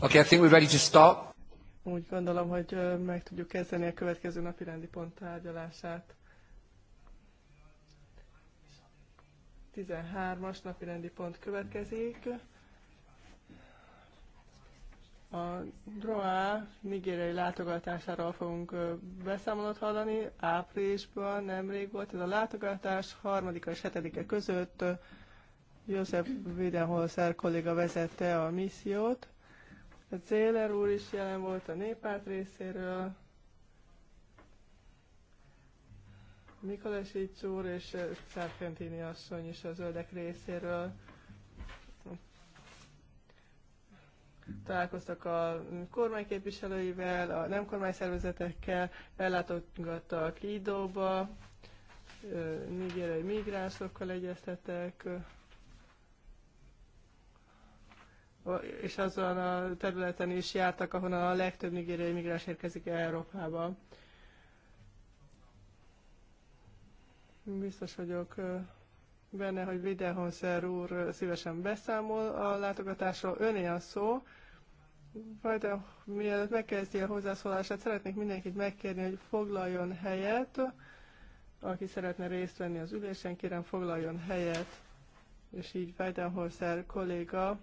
Okay, I think we're ready to start. Úgy gondolom, hogy meg tudjuk kezdeni a következő napi rendi pont tárgyalását. 13-as napi rendi pont következik. A DROA nigériai látogatásáról fogunk beszámolót hallani. Áprilisban nemrég volt ez a látogatás, harmadika és hetedike között József Videnholzer kolléga vezette a missziót. Céler úr is jelen volt a népárt részéről, Mikolesics úr és Szerfentini asszony is a zöldek részéről. Találkoztak a kormányképviselőivel, a nem kormányszervezetekkel, ellátogattak Idóba, nigériai migránsokkal egyeztetek, és azon a területen is jártak, ahonnan a legtöbb nigériai migráns érkezik Európába. Biztos vagyok benne, hogy Videhonszer úr szívesen beszámol a látogatásról. Öné a szó. Majd mielőtt megkezdi a hozzászólását, szeretnék mindenkit megkérni, hogy foglaljon helyet. Aki szeretne részt venni az ülésen, kérem foglaljon helyet. És így Weidenholzer kolléga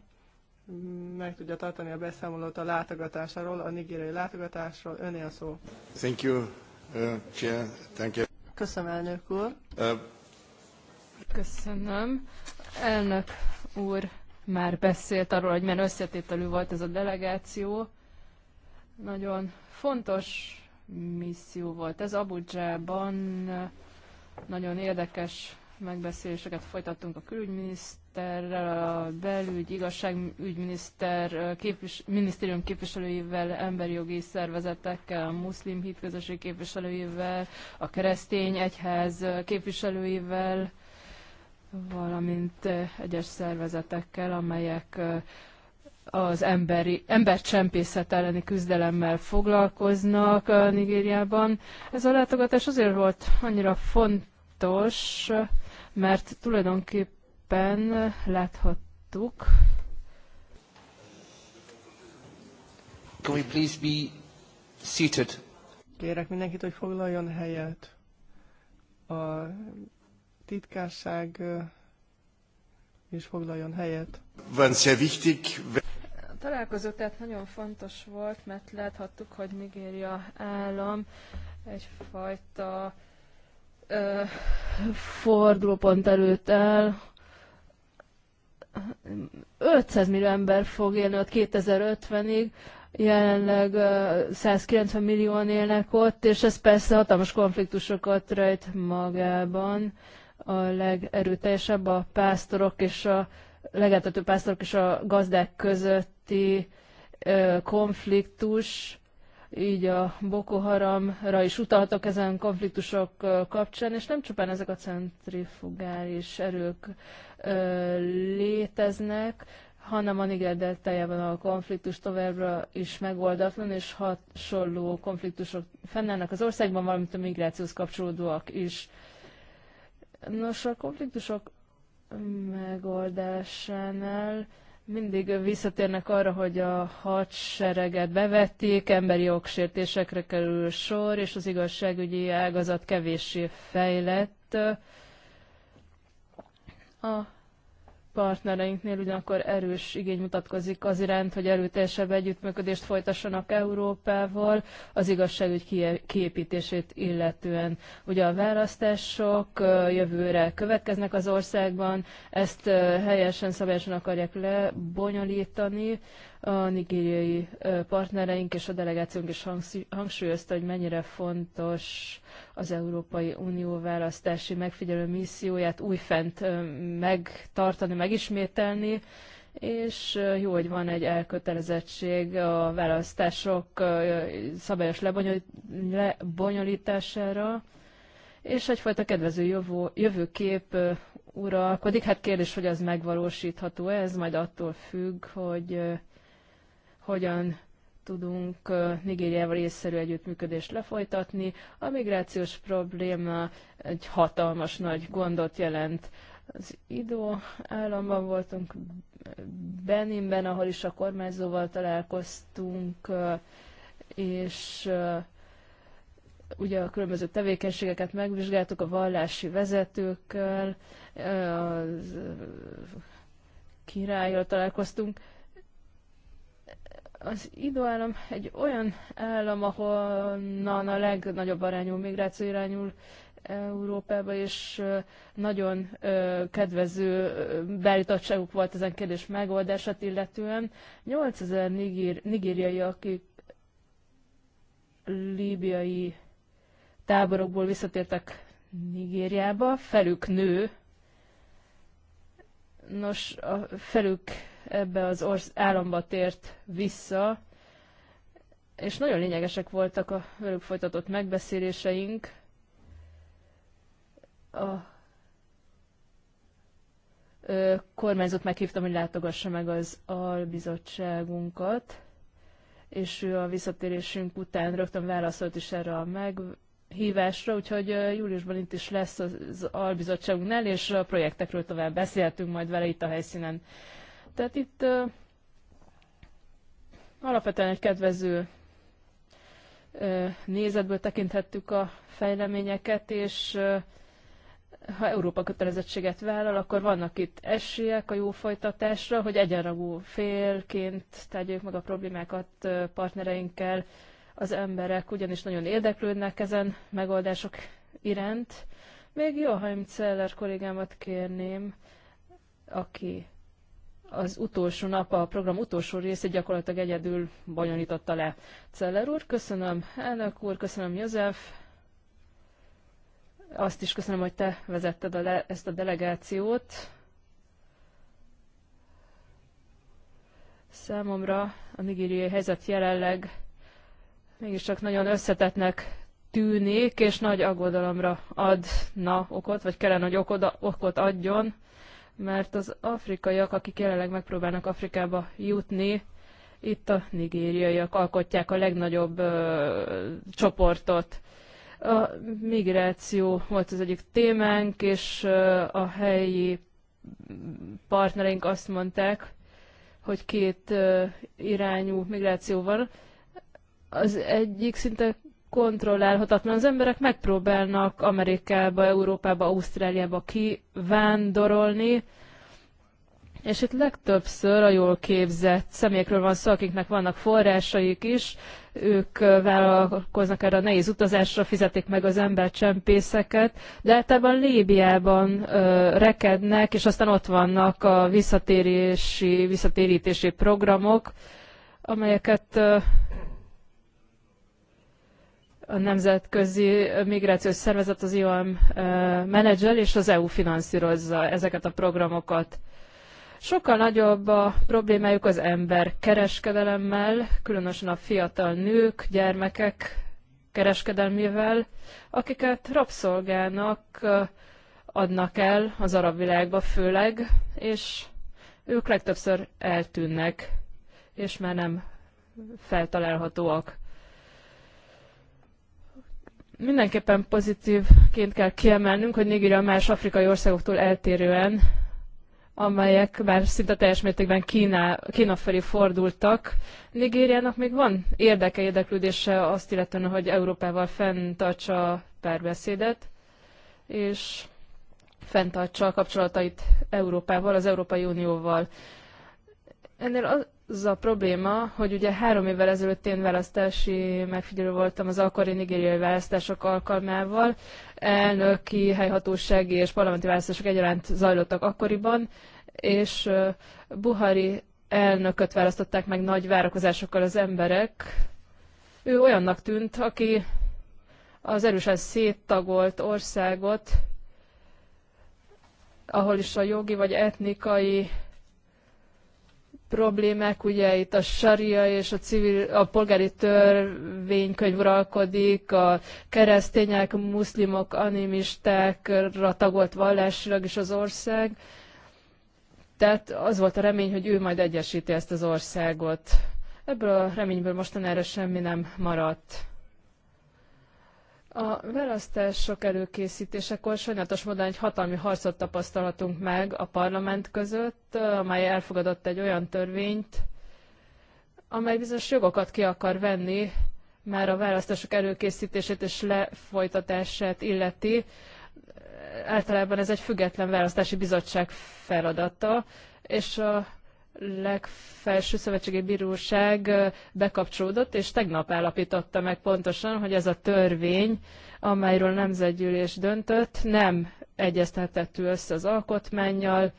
meg tudja tartani a beszámolót a látogatásáról, a nigériai látogatásról. a szó. Thank you, uh, Chair. Thank you. Köszönöm, elnök úr. Uh. Köszönöm. Elnök úr már beszélt arról, hogy milyen összetételű volt ez a delegáció. Nagyon fontos misszió volt ez. Abudzsában nagyon érdekes megbeszéléseket folytattunk a külügyminiszter miniszterrel, a belügy, igazságügyminiszter, képvis, minisztérium képviselőivel, emberi jogi szervezetekkel, a muszlim hitközösség képviselőivel, a keresztény egyház képviselőivel, valamint egyes szervezetekkel, amelyek az emberi, embercsempészet elleni küzdelemmel foglalkoznak Nigériában. Ez a látogatás azért volt annyira fontos, mert tulajdonképpen éppen láthattuk. Can we please be seated? Kérek mindenkit, hogy foglaljon helyet. A titkárság is foglaljon helyet. Van sehr wichtig. találkozó tehát nagyon fontos volt, mert láthattuk, hogy Nigéria állam egyfajta ö, fordulópont előtt el, 500 millió ember fog élni ott 2050-ig, jelenleg 190 millióan élnek ott, és ez persze hatalmas konfliktusokat rejt magában. A legerőteljesebb a pásztorok és a legeltető pásztorok és a gazdák közötti konfliktus, így a Boko Haramra is utaltak ezen konfliktusok kapcsán, és nem csupán ezek a centrifugális erők léteznek, hanem a Niger deltájában a konfliktus továbbra is megoldatlan, és hasonló konfliktusok fennállnak az országban, valamint a migrációhoz kapcsolódóak is. Nos, a konfliktusok megoldásánál mindig visszatérnek arra, hogy a hadsereget bevették, emberi jogsértésekre kerül sor, és az igazságügyi ágazat kevéssé fejlett. A partnereinknél ugyanakkor erős igény mutatkozik az iránt, hogy erőteljesebb együttműködést folytassanak Európával az igazságügy kiépítését illetően. Ugye a választások jövőre következnek az országban, ezt helyesen, szabályosan akarják lebonyolítani, a nigériai partnereink és a delegációnk is hangsúlyozta, hogy mennyire fontos az Európai Unió választási megfigyelő misszióját újfent megtartani, megismételni, és jó, hogy van egy elkötelezettség a választások szabályos lebonyolítására, és egyfajta kedvező jövő, jövőkép uralkodik. Hát kérdés, hogy az megvalósítható ez, majd attól függ, hogy hogyan tudunk Nigériával észszerű együttműködést lefolytatni. A migrációs probléma egy hatalmas nagy gondot jelent. Az idő államban voltunk, Beninben, ahol is a kormányzóval találkoztunk, és ugye a különböző tevékenységeket megvizsgáltuk a vallási vezetőkkel, a királyjal találkoztunk, az időállam egy olyan állam, ahonnan a legnagyobb arányú migráció irányul eh, Európába, és eh, nagyon eh, kedvező beállítottságuk volt ezen kérdés megoldását illetően. 8000 nigér, nigériai, akik líbiai táborokból visszatértek Nigériába, felük nő. Nos, a felük ebbe az orsz államba tért vissza, és nagyon lényegesek voltak a velük folytatott megbeszéléseink. A ö, kormányzót meghívtam, hogy látogassa meg az albizottságunkat, és ő a visszatérésünk után rögtön válaszolt is erre a meghívásra, úgyhogy júliusban itt is lesz az albizottságunknál, és a projektekről tovább beszéltünk majd vele itt a helyszínen. Tehát itt ö, alapvetően egy kedvező ö, nézetből tekinthettük a fejleményeket, és ö, ha Európa kötelezettséget vállal, akkor vannak itt esélyek a jó folytatásra, hogy egyenragú félként tegyük meg a problémákat partnereinkkel. Az emberek ugyanis nagyon érdeklődnek ezen megoldások iránt. Még Joachim Celler kollégámat kérném, aki az utolsó nap, a program utolsó részét gyakorlatilag egyedül bonyolította le. Celler úr, köszönöm elnök úr, köszönöm József, azt is köszönöm, hogy te vezetted a le, ezt a delegációt. Számomra a nigériai helyzet jelenleg mégiscsak nagyon összetetnek tűnik, és nagy aggodalomra adna okot, vagy kellene, hogy okod, okot adjon mert az afrikaiak, akik jelenleg megpróbálnak Afrikába jutni, itt a nigériaiak alkotják a legnagyobb ö, csoportot. A migráció volt az egyik témánk, és ö, a helyi partnereink azt mondták, hogy két ö, irányú migráció van. Az egyik szinte kontrollálhatatlan. Az emberek megpróbálnak Amerikába, Európába, Ausztráliába kivándorolni, és itt legtöbbször a jól képzett személyekről van szó, akiknek vannak forrásaik is, ők vállalkoznak erre a nehéz utazásra, fizetik meg az embercsempészeket, de általában Líbiában ö, rekednek, és aztán ott vannak a visszatérési, visszatérítési programok, amelyeket ö, a Nemzetközi Migrációs Szervezet, az IOM menedzsel, és az EU finanszírozza ezeket a programokat. Sokkal nagyobb a problémájuk az ember kereskedelemmel, különösen a fiatal nők, gyermekek kereskedelmével, akiket rabszolgának adnak el az arab világba főleg, és ők legtöbbször eltűnnek, és már nem feltalálhatóak. Mindenképpen pozitívként kell kiemelnünk, hogy Nigéria más afrikai országoktól eltérően, amelyek már szinte teljes mértékben Kína, Kína felé fordultak. Nigériának még van érdeke, érdeklődése azt illetően, hogy Európával fenntartsa a párbeszédet, és fenntartsa a kapcsolatait Európával, az Európai Unióval. Ennél az, az a probléma, hogy ugye három évvel ezelőtt én választási megfigyelő voltam az akkori nigériai választások alkalmával. Elnöki, helyhatósági és parlamenti választások egyaránt zajlottak akkoriban, és Buhari elnököt választották meg nagy várakozásokkal az emberek. Ő olyannak tűnt, aki az erősen széttagolt országot, ahol is a jogi vagy etnikai problémák, ugye itt a saria és a, civil, a polgári törvénykönyv uralkodik, a keresztények, muszlimok, animisták, tagolt vallásilag is az ország. Tehát az volt a remény, hogy ő majd egyesíti ezt az országot. Ebből a reményből mostanára semmi nem maradt. A választások előkészítésekor sajnálatos módon egy hatalmi harcot tapasztalhatunk meg a parlament között, amely elfogadott egy olyan törvényt, amely bizonyos jogokat ki akar venni, már a választások előkészítését és lefolytatását illeti. Általában ez egy független választási bizottság feladata, és a legfelső szövetségi bíróság bekapcsolódott, és tegnap állapította meg pontosan, hogy ez a törvény, amelyről nemzetgyűlés döntött, nem egyeztethető össze az alkotmányjal,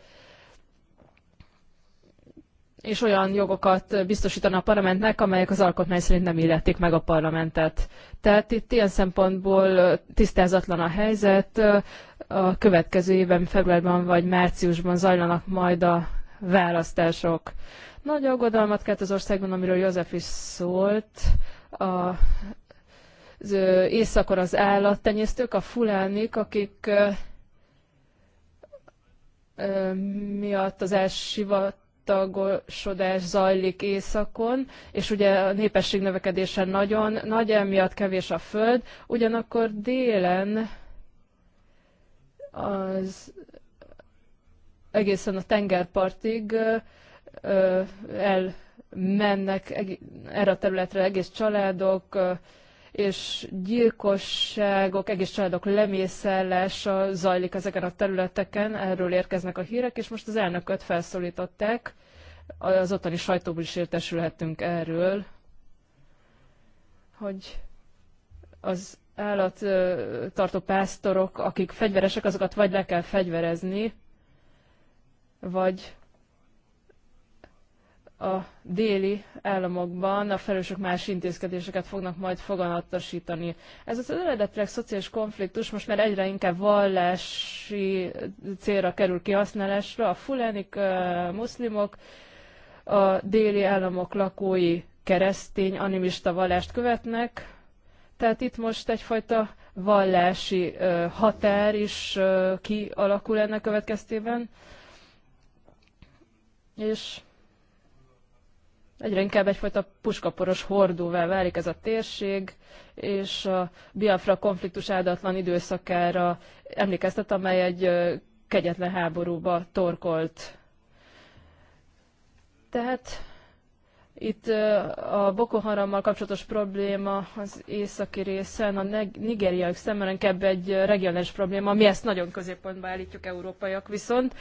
és olyan jogokat biztosítana a parlamentnek, amelyek az alkotmány szerint nem illetik meg a parlamentet. Tehát itt ilyen szempontból tisztázatlan a helyzet. A következő évben, februárban vagy márciusban zajlanak majd a választások. Nagy aggodalmat kelt az országban, amiről József is szólt. A az éjszakon az állattenyésztők, a fulánik, akik miatt az elsivatagosodás zajlik északon, és ugye a népesség növekedése nagyon nagy, emiatt kevés a föld, ugyanakkor délen az egészen a tengerpartig elmennek erre a területre egész családok, és gyilkosságok, egész családok lemészállása zajlik ezeken a területeken, erről érkeznek a hírek, és most az elnököt felszólították, az ottani sajtóból is értesülhetünk erről, hogy az állattartó pásztorok, akik fegyveresek, azokat vagy le kell fegyverezni, vagy a déli államokban a felelősök más intézkedéseket fognak majd foganatosítani. Ez az eredetileg szociális konfliktus most már egyre inkább vallási célra kerül kihasználásra. A fulánik uh, muszlimok, a déli államok lakói keresztény, animista vallást követnek, tehát itt most egyfajta vallási határ is kialakul ennek következtében és egyre inkább egyfajta puskaporos hordóvá válik ez a térség, és a Biafra konfliktus áldatlan időszakára emlékeztet, amely egy kegyetlen háborúba torkolt. Tehát itt a Boko Harammal kapcsolatos probléma az északi részen, a nigeriaiak szemben inkább egy regionális probléma, mi ezt nagyon középpontba állítjuk európaiak viszont.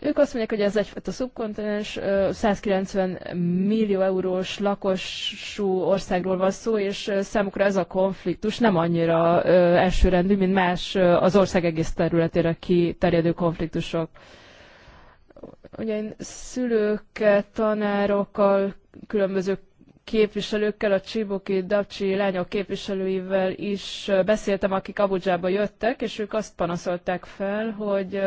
Ők azt mondják, hogy ez egyfajta szubkontinens, 190 millió eurós lakosú országról van szó, és számukra ez a konfliktus nem annyira elsőrendű, mint más az ország egész területére kiterjedő konfliktusok. Ugye én szülőkkel, tanárokkal, különböző képviselőkkel, a Csiboki Dapcsi lányok képviselőivel is beszéltem, akik Abudzsába jöttek, és ők azt panaszolták fel, hogy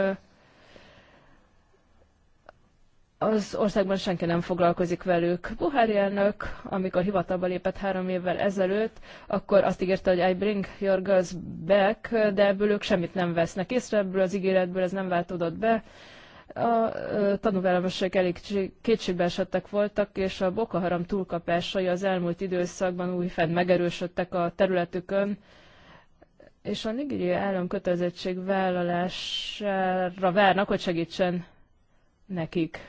az országban senki nem foglalkozik velük. Buhari elnök, amikor hivatalba lépett három évvel ezelőtt, akkor azt ígérte, hogy I bring your girls back, de ebből ők semmit nem vesznek észre, ebből az ígéretből ez nem váltódott be. A tanúvállalmasok elég kétségbe esettek voltak, és a Boko Haram túlkapásai az elmúlt időszakban újfent megerősödtek a területükön, és a nigériai állam kötelezettség vállalására várnak, hogy segítsen nekik.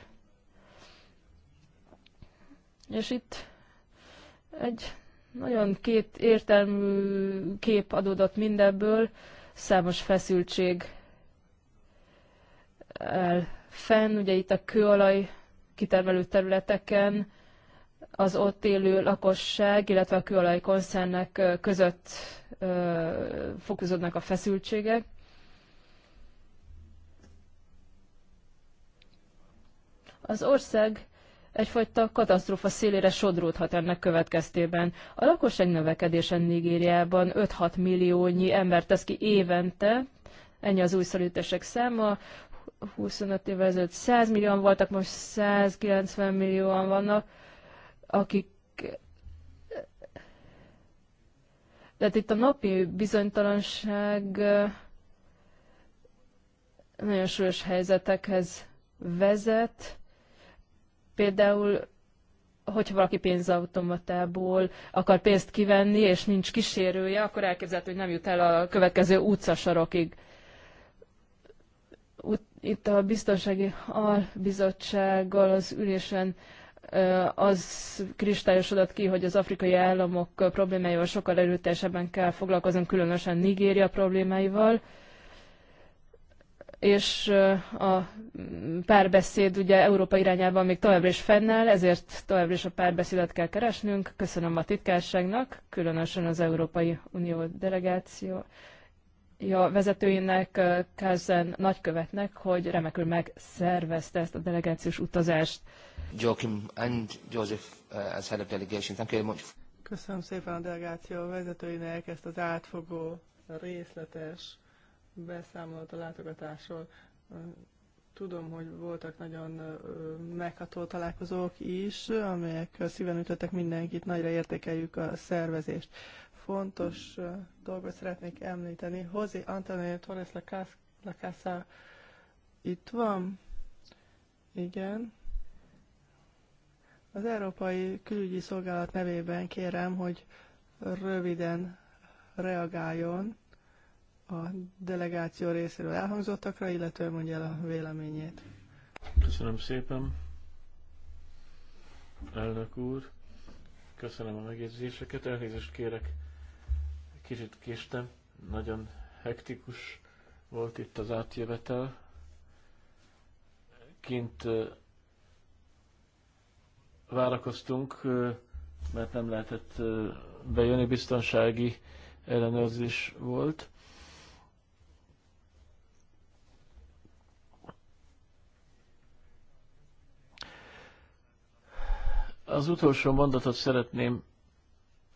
És itt egy nagyon két értelmű kép adódott mindebből, számos feszültség el fenn, ugye itt a kőolaj kitermelő területeken az ott élő lakosság, illetve a kőolaj koncernek között fokozódnak a feszültségek. Az ország egyfajta katasztrófa szélére sodródhat ennek következtében. A lakosság növekedése Nigériában 5-6 milliónyi ember tesz ki évente, ennyi az újszalütések száma, 25 évvel ezelőtt 100 millióan voltak, most 190 millióan vannak, akik Tehát itt a napi bizonytalanság nagyon súlyos helyzetekhez vezet, Például hogyha valaki pénzautomatából akar pénzt kivenni, és nincs kísérője, akkor elképzelhető, hogy nem jut el a következő utcasarokig. Itt a biztonsági albizottsággal az ülésen az kristályosodott ki, hogy az afrikai államok problémáival sokkal erőteljesebben kell foglalkozni, különösen Nigéria problémáival és a párbeszéd ugye Európa irányában még továbbra is fennáll, ezért továbbra is a párbeszédet kell keresnünk. Köszönöm a titkárságnak, különösen az Európai Unió delegáció ja, vezetőinek, Kázen nagykövetnek, hogy remekül megszervezte ezt a delegációs utazást. Joachim and Joseph uh, as head of delegation, thank you very much. Köszönöm szépen a delegáció vezetőinek ezt az átfogó, részletes beszámolt a látogatásról. Tudom, hogy voltak nagyon megható találkozók is, amelyek szíven ütöttek mindenkit, nagyra értékeljük a szervezést. Fontos dolgot szeretnék említeni. Hozi Antonio Torres Lacasa itt van? Igen. Az Európai Külügyi Szolgálat nevében kérem, hogy röviden reagáljon a delegáció részéről elhangzottakra, illetve mondja el a véleményét. Köszönöm szépen, elnök úr. Köszönöm a megjegyzéseket. Elnézést kérek, kicsit késtem. Nagyon hektikus volt itt az átjövetel. Kint várakoztunk, mert nem lehetett bejönni, biztonsági ellenőrzés volt. Az utolsó mondatot szeretném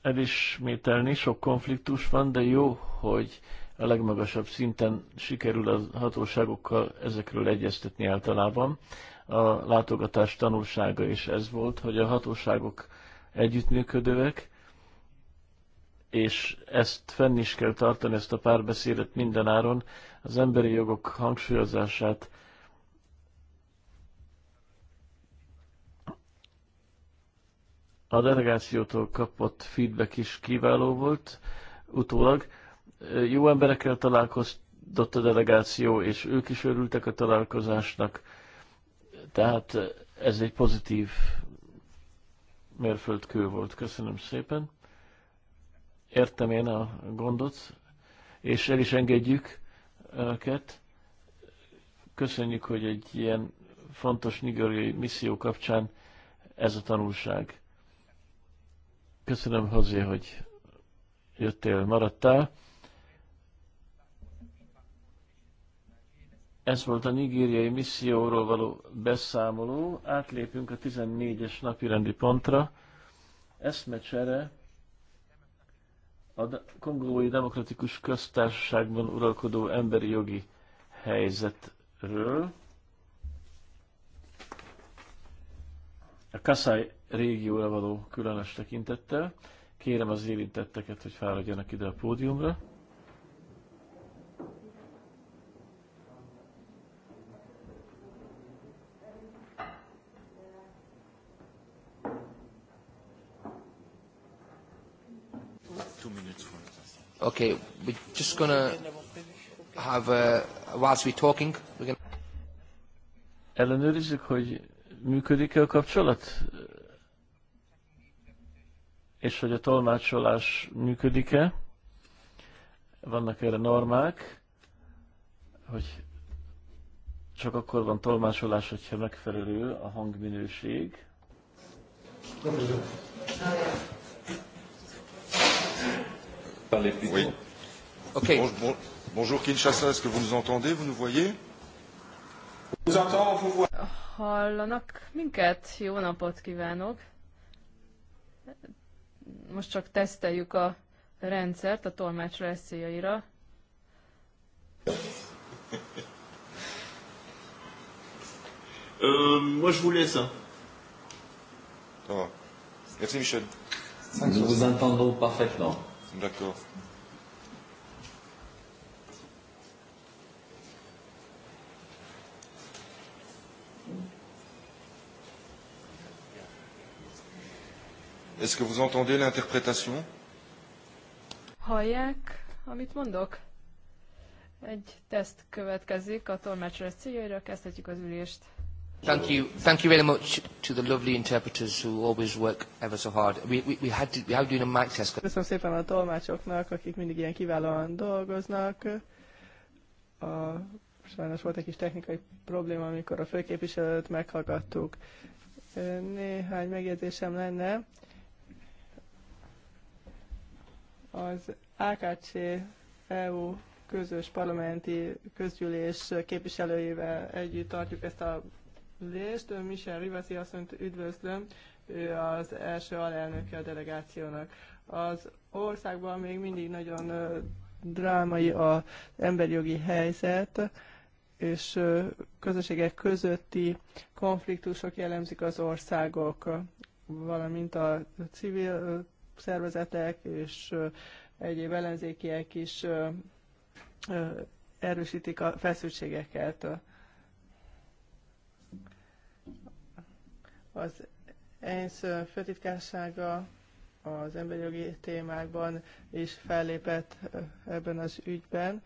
elismételni, sok konfliktus van, de jó, hogy a legmagasabb szinten sikerül a hatóságokkal ezekről egyeztetni általában. A látogatás tanulsága is ez volt, hogy a hatóságok együttműködőek, és ezt fenn is kell tartani, ezt a párbeszédet mindenáron, az emberi jogok hangsúlyozását A delegációtól kapott feedback is kiváló volt utólag. Jó emberekkel találkozott a delegáció, és ők is örültek a találkozásnak. Tehát ez egy pozitív mérföldkő volt. Köszönöm szépen. Értem én a gondot, és el is engedjük őket. Köszönjük, hogy egy ilyen fontos nigeriai misszió kapcsán ez a tanulság Köszönöm, Hozé, hogy jöttél, maradtál. Ez volt a nigériai misszióról való beszámoló. Átlépünk a 14-es napirendi pontra. Eszmecsere a Kongói Demokratikus Köztársaságban uralkodó emberi jogi helyzetről. A kassai régióra való különös tekintettel. Kérem az érintetteket, hogy fáradjanak ide a pódiumra. Okay, we're just gonna have a, uh, whilst we're talking, we're gonna... Ellenőrizzük, hogy működik-e a kapcsolat? és hogy a tolmácsolás működik-e, vannak erre normák, hogy csak akkor van tolmácsolás, hogyha megfelelő a hangminőség. Oui. Okay. Bonjour, bonjour Kinshasa, est-ce que vous nous entendez, vous nous voyez Hallanak minket, jó napot kívánok! most csak teszteljük a rendszert a tolmácsra eszélyeira. Euh, moi je voulais ça. Ça va. Merci Michel. Nous vous entendons parfaitement. D'accord. Est-ce que vous entendez l'interprétation? Hallják, amit mondok? Egy teszt következik a tolmácsolás céljaira, kezdhetjük az ülést. Thank you. Thank you very much to the lovely interpreters who always work ever so hard. We, we, we had to, we have to a mic test. Köszönöm szépen a tolmácsoknak, akik mindig ilyen kiválóan dolgoznak. A, sajnos volt egy kis technikai probléma, amikor a főképviselőt meghallgattuk. Néhány megjegyzésem lenne. Az AKC EU közös parlamenti közgyűlés képviselőjével együtt tartjuk ezt a lést. Michel Rivasi asszonyt üdvözlöm, ő az első alelnöke a delegációnak. Az országban még mindig nagyon drámai az emberjogi helyzet, és közösségek közötti konfliktusok jellemzik az országok, valamint a civil szervezetek és egyéb ellenzékiek is erősítik a feszültségeket. Az ENSZ főtitkársága az emberi jogi témákban is fellépett ebben az ügyben.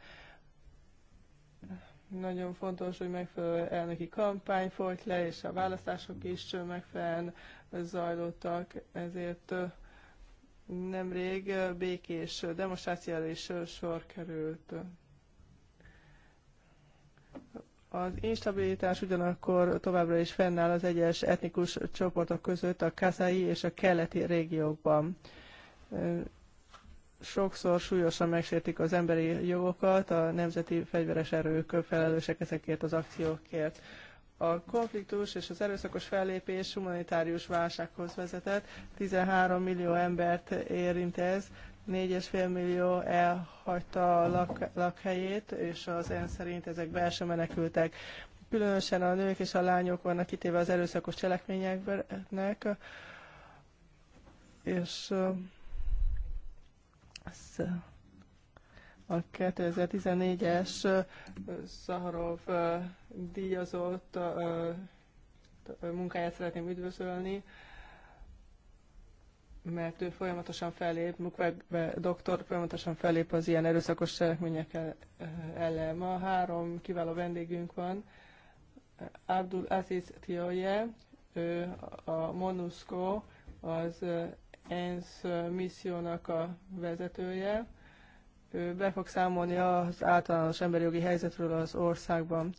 Nagyon fontos, hogy megfelelő elnöki kampány folyt le, és a választások is megfelelően zajlottak, ezért nemrég békés demonstrációra is sor került. Az instabilitás ugyanakkor továbbra is fennáll az egyes etnikus csoportok között a kazai és a keleti régiókban. Sokszor súlyosan megsértik az emberi jogokat, a nemzeti fegyveres erők felelősek ezekért az akciókért a konfliktus és az erőszakos fellépés humanitárius válsághoz vezetett. 13 millió embert érint ez, 4,5 millió elhagyta a lak- lakhelyét, és az ENSZ szerint ezek belső menekültek. Különösen a nők és a lányok vannak kitéve az erőszakos cselekményeknek, és a 2014-es Szaharov díjazott munkáját szeretném üdvözölni, mert ő folyamatosan felép, Mukwege doktor folyamatosan felép az ilyen erőszakos cselekmények ellen. Ma három kiváló vendégünk van. Abdul Aziz Tioye, ő a MONUSCO, az ENSZ missziónak a vezetője, ő be fog számolni az általános emberi jogi helyzetről az országban,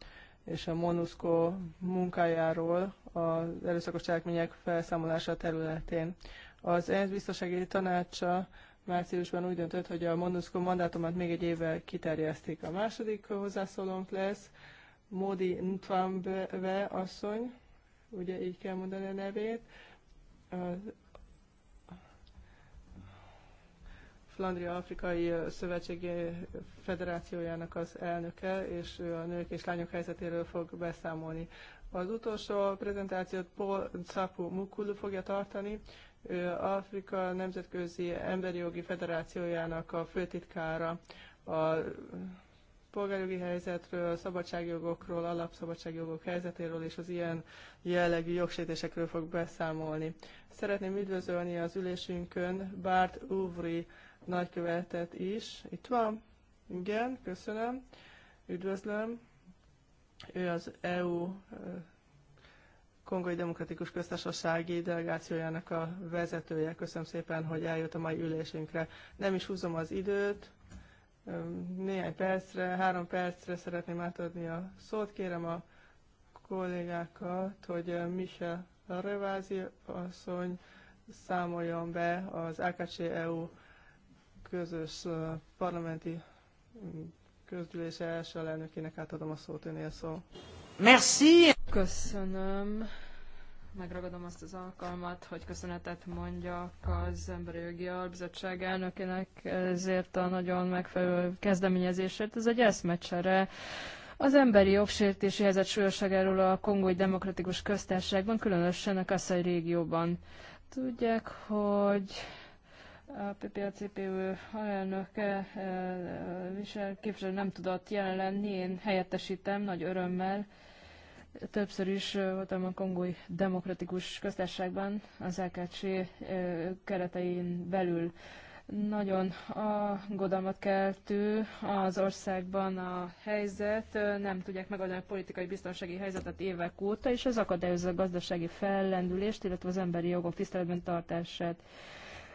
és a MONUSCO munkájáról az erőszakos cselekmények felszámolása területén. Az ENSZ biztonsági tanácsa márciusban úgy döntött, hogy a MONUSCO mandátumát még egy évvel kiterjesztik. A második hozzászólónk lesz Modi Ntwambe asszony, ugye így kell mondani a nevét, az Flandria Afrikai Szövetségi Federációjának az elnöke, és ő a nők és lányok helyzetéről fog beszámolni. Az utolsó prezentációt Paul Sapu Mukulu fogja tartani, ő Afrika Nemzetközi Emberi Jogi Federációjának a főtitkára. A polgárjogi helyzetről, szabadságjogokról, alapszabadságjogok helyzetéről és az ilyen jellegű jogsértésekről fog beszámolni. Szeretném üdvözölni az ülésünkön Bart Uvri nagykövetet is. Itt van. Igen, köszönöm. Üdvözlöm. Ő az EU Kongói Demokratikus Köztársasági delegációjának a vezetője. Köszönöm szépen, hogy eljött a mai ülésünkre. Nem is húzom az időt, néhány percre, három percre szeretném átadni a szót. Kérem a kollégákat, hogy Michel Revázi asszony számoljon be az AKC EU közös parlamenti mm, közgyűlés első elnökének átadom a szót, önél szó. Merci! Köszönöm. Megragadom azt az alkalmat, hogy köszönetet mondjak az Emberi Jogi Albizottság elnökének ezért a nagyon megfelelő kezdeményezésért. Ez egy eszmecsere. Az emberi jogsértési helyzet súlyosságáról a Kongói Demokratikus Köztársaságban, különösen a Kassai régióban. Tudják, hogy a PPACPU alelnöke visel eh, képviselő nem tudott jelen lenni, én helyettesítem nagy örömmel. Többször is eh, voltam a Kongói Demokratikus Köztársaságban az LKC eh, keretein belül. Nagyon aggodalmat keltő az országban a helyzet, nem tudják megoldani a politikai biztonsági helyzetet évek óta, és ez akadályozza a gazdasági fellendülést, illetve az emberi jogok tiszteletben tartását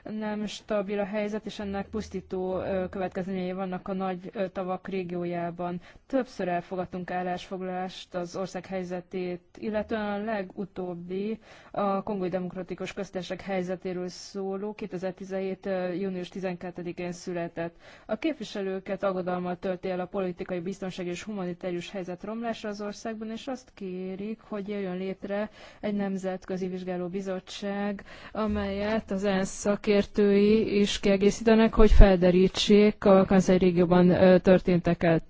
nem stabil a helyzet, és ennek pusztító következményei vannak a nagy tavak régiójában. Többször elfogadtunk állásfoglalást az ország helyzetét, illetően a legutóbbi a Kongói Demokratikus Köztársaság helyzetéről szóló 2017. június 12-én született. A képviselőket aggodalmal tölti el a politikai biztonság és humanitárius helyzet romlása az országban, és azt kérik, hogy jöjjön létre egy nemzetközi bizottság, amelyet az ENSZ szakértői is kiegészítenek, hogy felderítsék a Kansai régióban történteket.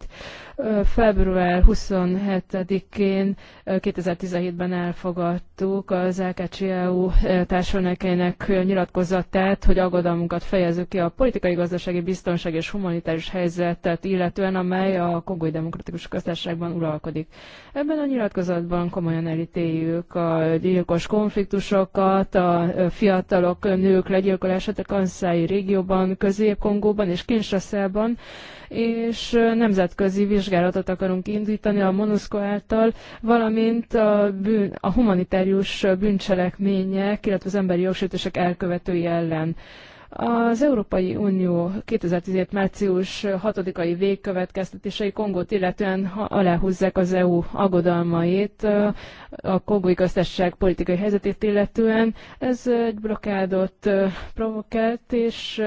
Február 27-én 2017-ben elfogadtuk az LKCEU társadalmakének nyilatkozatát, hogy aggodalmunkat fejezzük ki a politikai, gazdasági, biztonság és humanitárius helyzetet, illetően amely a Kongói Demokratikus Köztársaságban uralkodik. Ebben a nyilatkozatban komolyan elítéljük a gyilkos konfliktusokat, a fiatalok, nők legyilkolását a Kanszái régióban, Közép-Kongóban és Kinshasa-ban, és nemzetközi vizsgálatot akarunk indítani a MONUSCO által, valamint a, bűn, a humanitárius bűncselekmények, illetve az emberi jogsértések elkövetői ellen. Az Európai Unió 2017 március 6-ai végkövetkeztetései Kongót illetően aláhúzzák az EU aggodalmait a kongói köztesség politikai helyzetét illetően. Ez egy blokádot provokált, és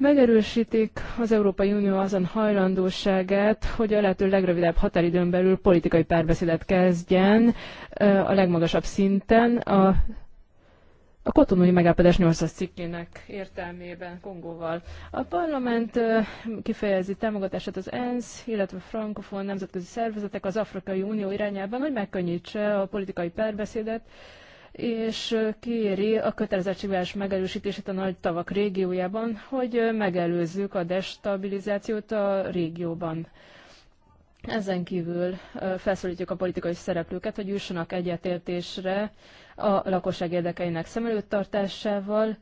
Megerősítik az Európai Unió azon hajlandóságát, hogy a lehető legrövidebb határidőn belül politikai párbeszédet kezdjen a legmagasabb szinten a, a kotonói megállapodás 800 cikkének értelmében Kongóval. A parlament kifejezi támogatását az ENSZ, illetve a frankofon nemzetközi szervezetek az Afrikai Unió irányában, hogy megkönnyítse a politikai párbeszédet, és kéri a kötelezettségvállás megerősítését a nagy tavak régiójában, hogy megelőzzük a destabilizációt a régióban. Ezen kívül felszólítjuk a politikai szereplőket, hogy jussanak egyetértésre a lakosság érdekeinek szem előtt tartásával,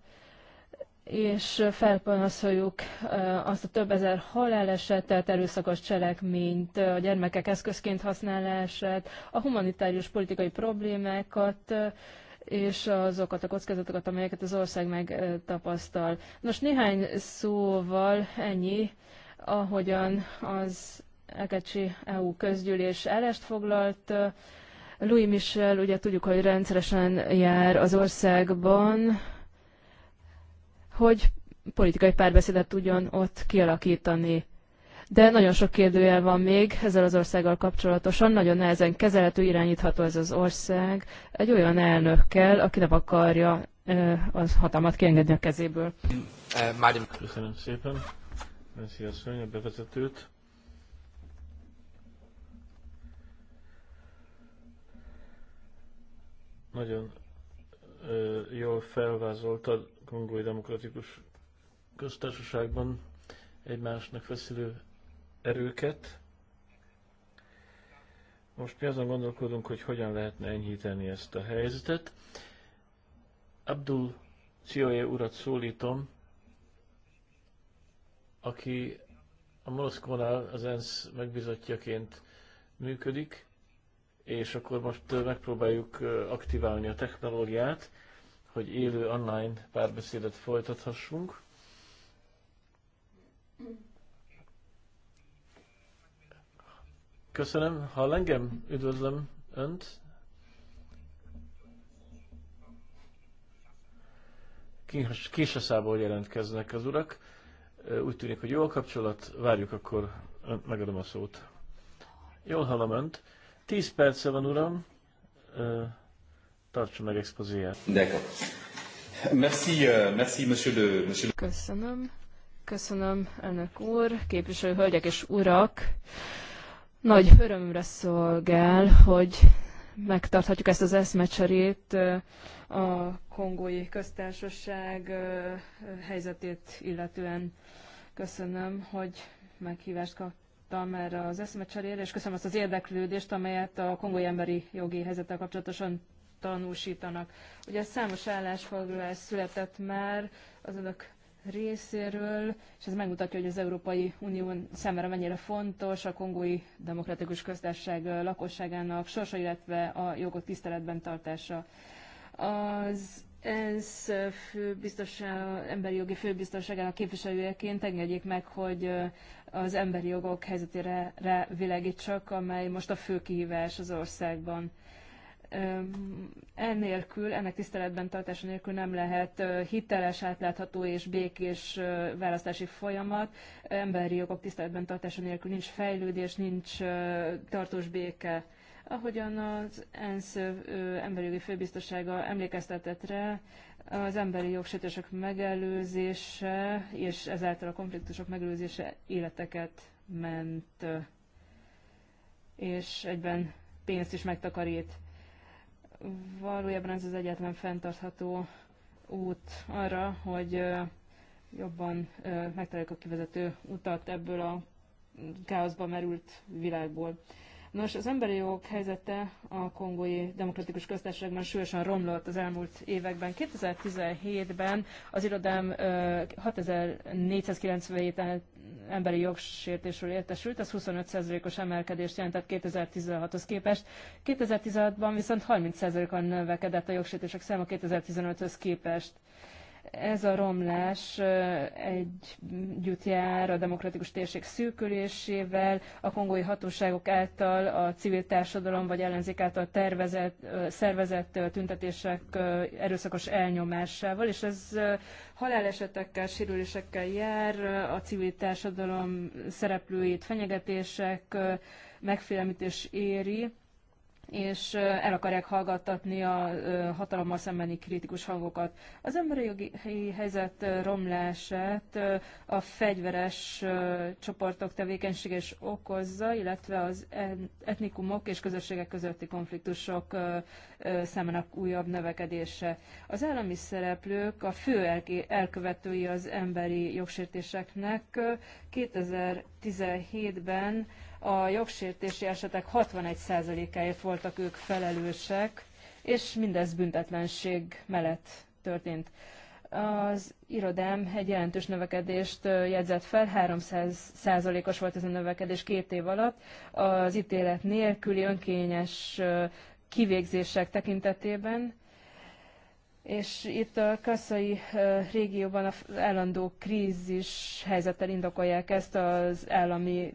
és felpanaszoljuk eh, azt a több ezer halálesetet, erőszakos cselekményt, eh, a gyermekek eszközként használását, a humanitárius politikai problémákat, eh, és azokat a kockázatokat, amelyeket az ország megtapasztal. Nos, néhány szóval ennyi, ahogyan az Ekecsi EU közgyűlés elest foglalt, Louis Michel, ugye tudjuk, hogy rendszeresen jár az országban, hogy politikai párbeszédet tudjon ott kialakítani. De nagyon sok kérdőjel van még ezzel az országgal kapcsolatosan, nagyon nehezen kezelhető, irányítható ez az ország egy olyan elnökkel, aki nem akarja az hatalmat kiengedni a kezéből. Köszönöm szépen. Köszönöm a bevezetőt. Nagyon jól felvázoltad Kongói Demokratikus Köztársaságban egymásnak feszülő erőket. Most mi azon gondolkodunk, hogy hogyan lehetne enyhíteni ezt a helyzetet. Abdul Cioje urat szólítom, aki a Moszkvánál az ENSZ megbizotjaként működik, és akkor most megpróbáljuk aktiválni a technológiát, hogy élő online párbeszédet folytathassunk. Köszönöm. Ha engem üdvözlöm Önt. Késeszából jelentkeznek az urak. Úgy tűnik, hogy jó a kapcsolat. Várjuk akkor, megadom a szót. Jól hallom Önt. Tíz perce van, Uram tartsa meg expozéját. Merci, euh, merci, monsieur le, monsieur le... Köszönöm. Köszönöm, elnök úr, képviselő hölgyek és urak. Nagy örömre szolgál, hogy megtarthatjuk ezt az eszmecserét a kongói köztársaság helyzetét illetően. Köszönöm, hogy meghívást kaptam erre az eszmecserére, és köszönöm azt az érdeklődést, amelyet a kongói emberi jogi helyzettel kapcsolatosan tanúsítanak. Ugye számos állásfoglalás született már az önök részéről, és ez megmutatja, hogy az Európai Unión számára mennyire fontos a kongói demokratikus köztársaság lakosságának sorsa, illetve a jogot tiszteletben tartása. Az ENSZ emberi jogi főbiztonságának képviselőjeként engedjék meg, hogy az emberi jogok helyzetére rávilágítsak, amely most a fő kihívás az országban. Ennélkül, ennek tiszteletben tartása nélkül nem lehet hiteles, átlátható és békés választási folyamat. Emberi jogok tiszteletben tartása nélkül nincs fejlődés, nincs tartós béke. Ahogyan az ENSZ emberi jogi főbiztossága emlékeztetett rá, az emberi jogsértések megelőzése és ezáltal a konfliktusok megelőzése életeket ment, és egyben pénzt is megtakarít valójában ez az egyetlen fenntartható út arra, hogy jobban megtaláljuk a kivezető utat ebből a káoszba merült világból. Nos, az emberi jogok helyzete a kongói demokratikus köztársaságban súlyosan romlott az elmúlt években. 2017-ben az irodám 6497 emberi jogsértésről értesült, ez 25%-os emelkedést jelentett 2016-hoz képest. 2016-ban viszont 30%-kal növekedett a jogsértések száma 2015-höz képest ez a romlás együtt jár a demokratikus térség szűkülésével, a kongói hatóságok által, a civil társadalom vagy ellenzék által tervezett, szervezett tüntetések erőszakos elnyomásával, és ez halálesetekkel, sérülésekkel jár, a civil társadalom szereplőit fenyegetések, megfélemítés éri és el akarják hallgattatni a hatalommal szembeni kritikus hangokat. Az emberi jogi helyzet romlását a fegyveres csoportok tevékenysége is okozza, illetve az etnikumok és közösségek közötti konfliktusok szemenek újabb növekedése. Az állami szereplők a fő elkövetői az emberi jogsértéseknek 2017-ben a jogsértési esetek 61%-áért voltak ők felelősek, és mindez büntetlenség mellett történt. Az irodám egy jelentős növekedést jegyzett fel, 300%-os volt ez a növekedés két év alatt. Az ítélet nélküli önkényes kivégzések tekintetében és itt a kaszai régióban az állandó krízis helyzettel indokolják ezt az állami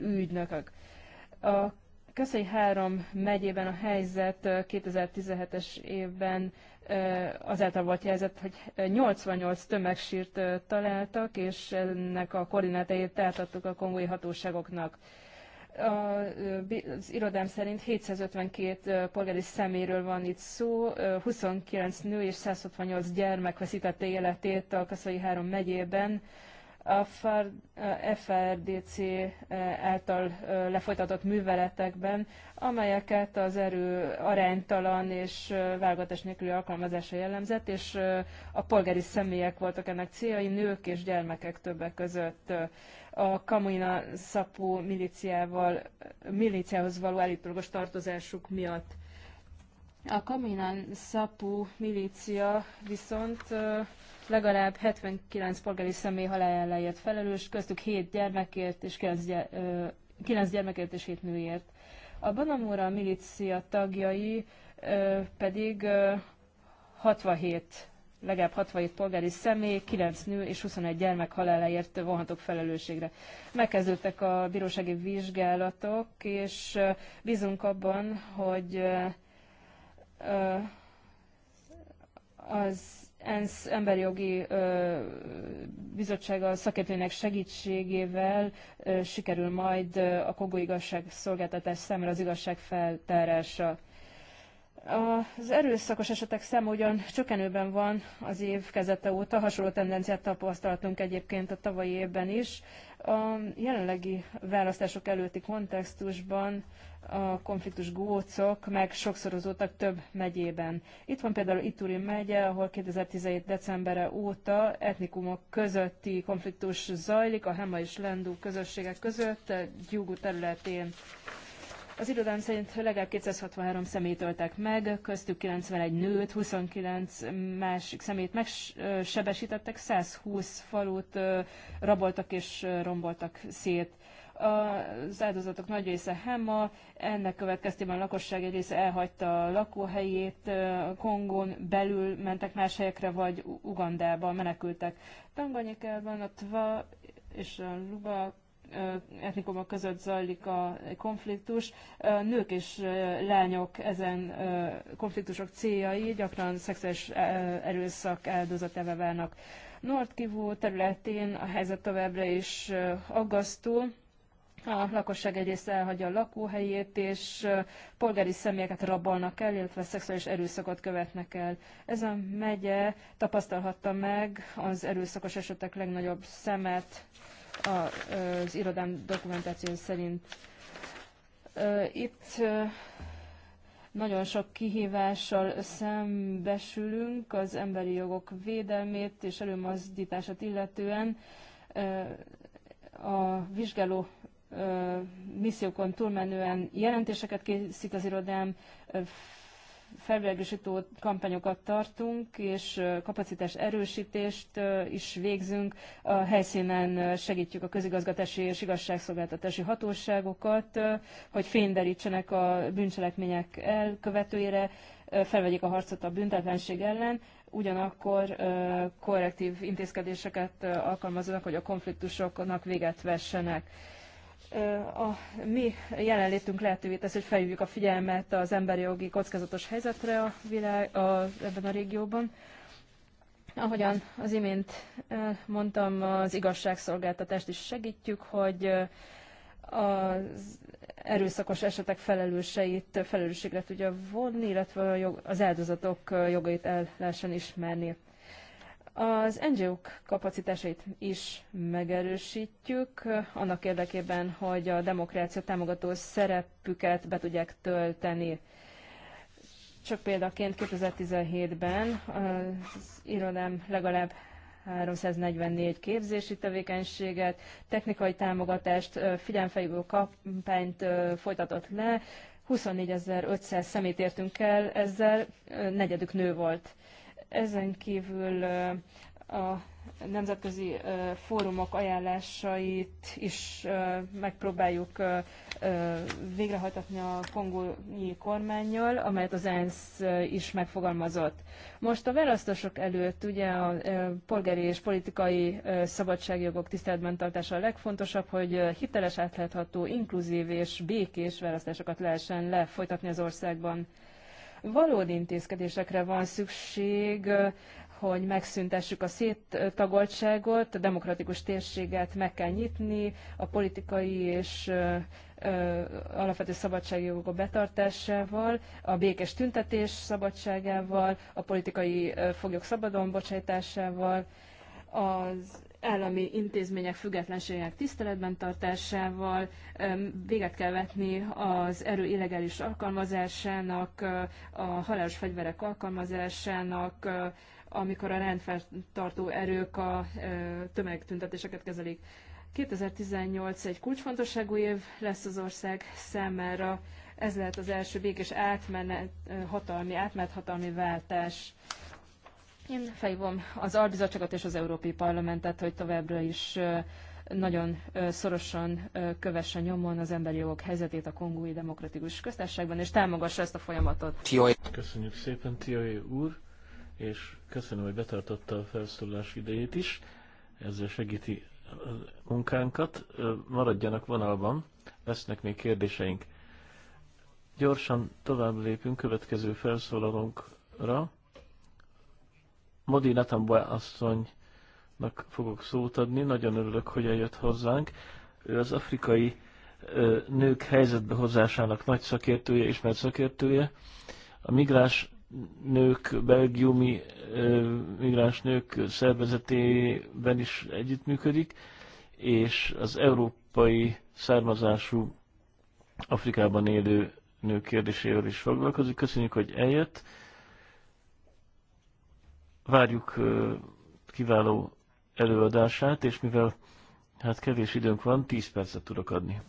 ügynökök. A kaszai három megyében a helyzet 2017-es évben azáltal volt jelzett, hogy 88 tömegsírt találtak, és ennek a koordinátáit átadtuk a kongói hatóságoknak. Az irodám szerint 752 polgári szeméről van itt szó, 29 nő és 168 gyermek veszítette életét a Kaszai három megyében. A FRDC által lefolytatott műveletekben, amelyeket az erő aránytalan és válgatás nélküli alkalmazása jellemzett, és a polgári személyek voltak ennek céljai, nők és gyermekek többek között a Kamina Szapó milíciával, milíciához való állítólagos tartozásuk miatt. A Kaminán Szapú milícia viszont legalább 79 polgári személy haláláért felelős, köztük 7 gyermekért és 9, gyere, 9 gyermekért és 7 nőért. A Banamura milícia tagjai pedig 67 legalább 67 polgári személy, 9 nő és 21 gyermek haláláért vonhatok felelősségre. Megkezdődtek a bírósági vizsgálatok, és bízunk abban, hogy az ENSZ emberi jogi bizottsága szakértőinek segítségével sikerül majd a kongói igazságszolgáltatás szemre az igazság feltárása. Az erőszakos esetek száma ugyan csökkenőben van az év kezdete óta, hasonló tendenciát tapasztaltunk egyébként a tavalyi évben is. A jelenlegi választások előtti kontextusban a konfliktus gócok meg sokszorozódtak több megyében. Itt van például Ituri megye, ahol 2017. decembere óta etnikumok közötti konfliktus zajlik, a Hema és Lendú közösségek között, Gyúgu területén. Az irodám szerint legalább 263 szemét öltek meg, köztük 91 nőt, 29 másik szemét megsebesítettek, 120 falut raboltak és romboltak szét. Az áldozatok nagy része Hema, ennek következtében a lakosság egy része elhagyta a lakóhelyét, Kongon belül mentek más helyekre, vagy Ugandába menekültek. Tanganyikában a Tva és a Luba etnikumok között zajlik a konfliktus. Nők és lányok ezen konfliktusok céljai gyakran szexuális erőszak áldozatává válnak. Nordkivu területén a helyzet továbbra is aggasztó. A lakosság egyrészt elhagyja a lakóhelyét, és polgári személyeket rabolnak el, illetve szexuális erőszakot követnek el. Ez a megye tapasztalhatta meg az erőszakos esetek legnagyobb szemet az irodám dokumentáció szerint. Itt nagyon sok kihívással szembesülünk az emberi jogok védelmét és előmozdítását illetően. A vizsgáló missziókon túlmenően jelentéseket készít az irodám, felvilágosító kampányokat tartunk, és kapacitás erősítést is végzünk. A helyszínen segítjük a közigazgatási és igazságszolgáltatási hatóságokat, hogy fényderítsenek a bűncselekmények elkövetőire, felvegyék a harcot a büntetlenség ellen, ugyanakkor korrektív intézkedéseket alkalmaznak, hogy a konfliktusoknak véget vessenek a mi jelenlétünk lehetővé tesz, hogy felhívjuk a figyelmet az emberi jogi kockázatos helyzetre a világ, a, ebben a régióban. Ahogyan az imént mondtam, az igazságszolgáltatást is segítjük, hogy az erőszakos esetek felelőseit felelősségre tudja vonni, illetve az áldozatok jogait el lehessen ismerni. Az NGO-k kapacitásait is megerősítjük, annak érdekében, hogy a demokrácia támogató szerepüket be tudják tölteni. Csak példaként 2017-ben az irodám legalább 344 képzési tevékenységet, technikai támogatást, figyelmfejlő kampányt folytatott le, 24.500 szemét értünk el, ezzel negyedük nő volt. Ezen kívül a nemzetközi fórumok ajánlásait is megpróbáljuk végrehajtatni a kongói kormányjal, amelyet az ENSZ is megfogalmazott. Most a választások előtt ugye a polgári és politikai szabadságjogok tiszteletben tartása a legfontosabb, hogy hiteles, átlátható, inkluzív és békés választásokat lehessen lefolytatni az országban. Valódi intézkedésekre van szükség, hogy megszüntessük a széttagoltságot, a demokratikus térséget meg kell nyitni, a politikai és alapvető szabadságjogok a betartásával, a békes tüntetés szabadságával, a politikai foglyok szabadon bocsátásával, az állami intézmények függetlenségének tiszteletben tartásával, véget kell vetni az erő illegális alkalmazásának, a halálos fegyverek alkalmazásának, amikor a rendfenntartó erők a tömegtüntetéseket kezelik. 2018 egy kulcsfontosságú év lesz az ország számára. Ez lehet az első békés átmenet, hatalmi, átmenet hatalmi váltás. Én felhívom az albizottságot és az Európai Parlamentet, hogy továbbra is nagyon szorosan kövesse nyomon az emberi jogok helyzetét a kongói demokratikus köztársaságban, és támogassa ezt a folyamatot. Köszönjük szépen, Tioé úr, és köszönöm, hogy betartotta a felszólás idejét is. Ezzel segíti a munkánkat. Maradjanak vonalban, lesznek még kérdéseink. Gyorsan tovább lépünk következő felszólalónkra. Modi Natamba asszonynak fogok szót adni. Nagyon örülök, hogy eljött hozzánk. Ő az afrikai nők helyzetbe hozásának nagy szakértője, ismert szakértője. A migráns nők, belgiumi migráns nők szervezetében is együttműködik, és az európai származású Afrikában élő nők kérdéséről is foglalkozik. Köszönjük, hogy eljött Várjuk kiváló előadását, és mivel hát kevés időnk van, 10 percet tudok adni.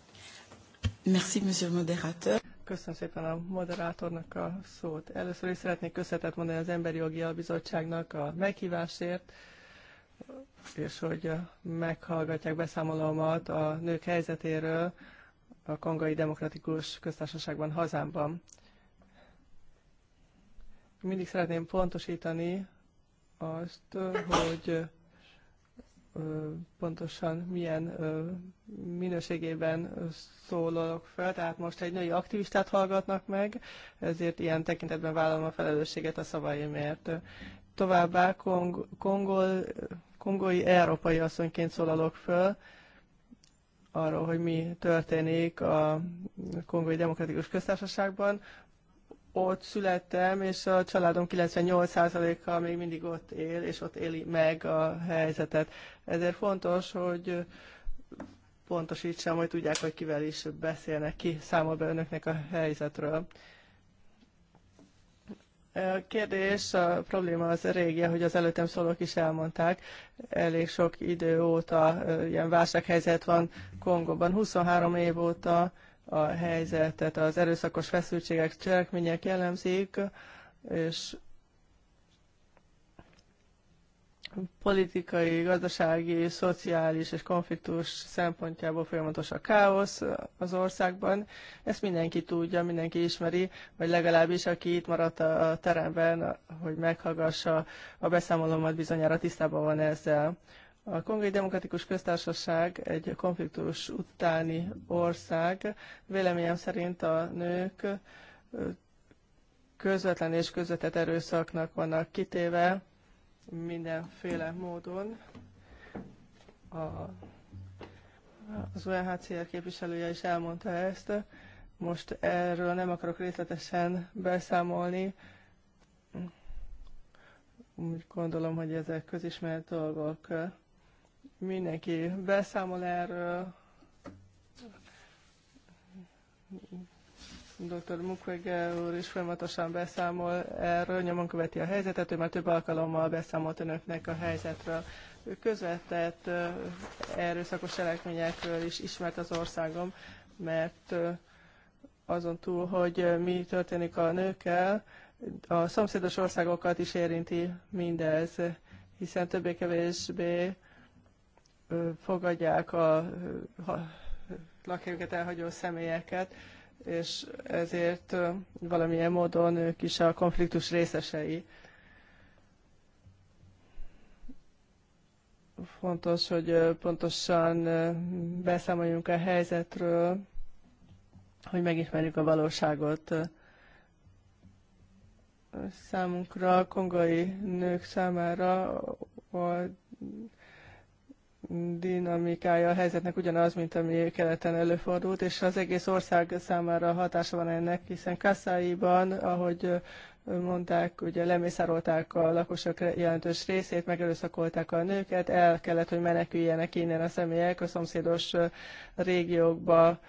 Merci, monsieur moderateur. Köszönöm szépen a moderátornak a szót. Először is szeretnék köszönetet mondani az Emberi Jogi Bizottságnak a meghívásért, és hogy meghallgatják beszámolómat a nők helyzetéről a Kongai Demokratikus Köztársaságban, hazámban. Mindig szeretném pontosítani, azt, hogy pontosan milyen minőségében szólalok fel. Tehát most egy női aktivistát hallgatnak meg, ezért ilyen tekintetben vállalom a felelősséget a szavaimért. Továbbá kong- kongol, kongói európai asszonyként szólalok föl, arról, hogy mi történik a Kongói Demokratikus Köztársaságban ott születtem, és a családom 98%-a még mindig ott él, és ott éli meg a helyzetet. Ezért fontos, hogy pontosítsam, hogy tudják, hogy kivel is beszélnek ki, számol be önöknek a helyzetről. A kérdés, a probléma az régi, hogy az előttem szólók is elmondták. Elég sok idő óta ilyen válsághelyzet van Kongóban. 23 év óta a helyzetet, az erőszakos feszültségek, cselekmények jellemzik, és politikai, gazdasági, szociális és konfliktus szempontjából folyamatos a káosz az országban. Ezt mindenki tudja, mindenki ismeri, vagy legalábbis aki itt maradt a teremben, hogy meghallgassa a beszámolómat, bizonyára tisztában van ezzel. A Kongói Demokratikus Köztársaság egy konfliktus utáni ország. Véleményem szerint a nők közvetlen és közvetett erőszaknak vannak kitéve mindenféle módon. A, az UNHCR képviselője is elmondta ezt. Most erről nem akarok részletesen beszámolni. Úgy gondolom, hogy ezek közismert dolgok mindenki beszámol erről. Dr. Mukwege úr is folyamatosan beszámol erről, nyomon követi a helyzetet, ő már több alkalommal beszámolt önöknek a helyzetről. Ő közvetett erőszakos cselekményekről is ismert az országom, mert azon túl, hogy mi történik a nőkkel, a szomszédos országokat is érinti mindez, hiszen többé-kevésbé fogadják a lakhelyüket elhagyó személyeket, és ezért valamilyen módon ők is a konfliktus részesei. Fontos, hogy pontosan beszámoljunk a helyzetről, hogy megismerjük a valóságot. Számunkra, a kongai nők számára a dinamikája a helyzetnek ugyanaz, mint ami keleten előfordult, és az egész ország számára hatása van ennek, hiszen kassaiban, ahogy mondták, ugye lemészárolták a lakosok jelentős részét, megerőszakolták a nőket, el kellett, hogy meneküljenek innen a személyek, a szomszédos régiókba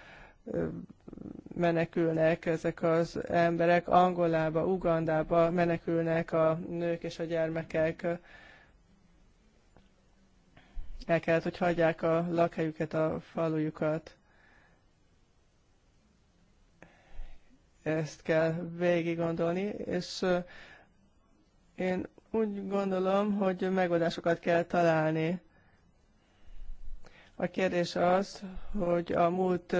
menekülnek ezek az emberek, Angolába, Ugandába menekülnek a nők és a gyermekek el kellett, hogy hagyják a lakhelyüket, a falujukat. Ezt kell végig gondolni, és én úgy gondolom, hogy megoldásokat kell találni. A kérdés az, hogy a múlt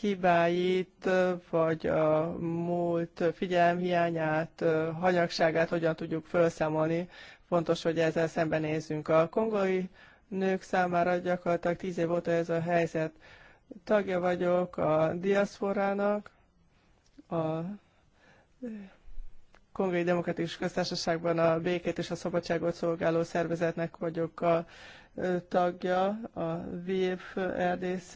hibáit, vagy a múlt figyelemhiányát, hanyagságát hogyan tudjuk felszámolni. Fontos, hogy ezzel szembenézzünk. A kongolai nők számára gyakorlatilag tíz év óta ez a helyzet. Tagja vagyok a diaszforának, a Kongai Demokratikus Köztársaságban a békét és a szabadságot szolgáló szervezetnek vagyok a tagja, a VIP RDC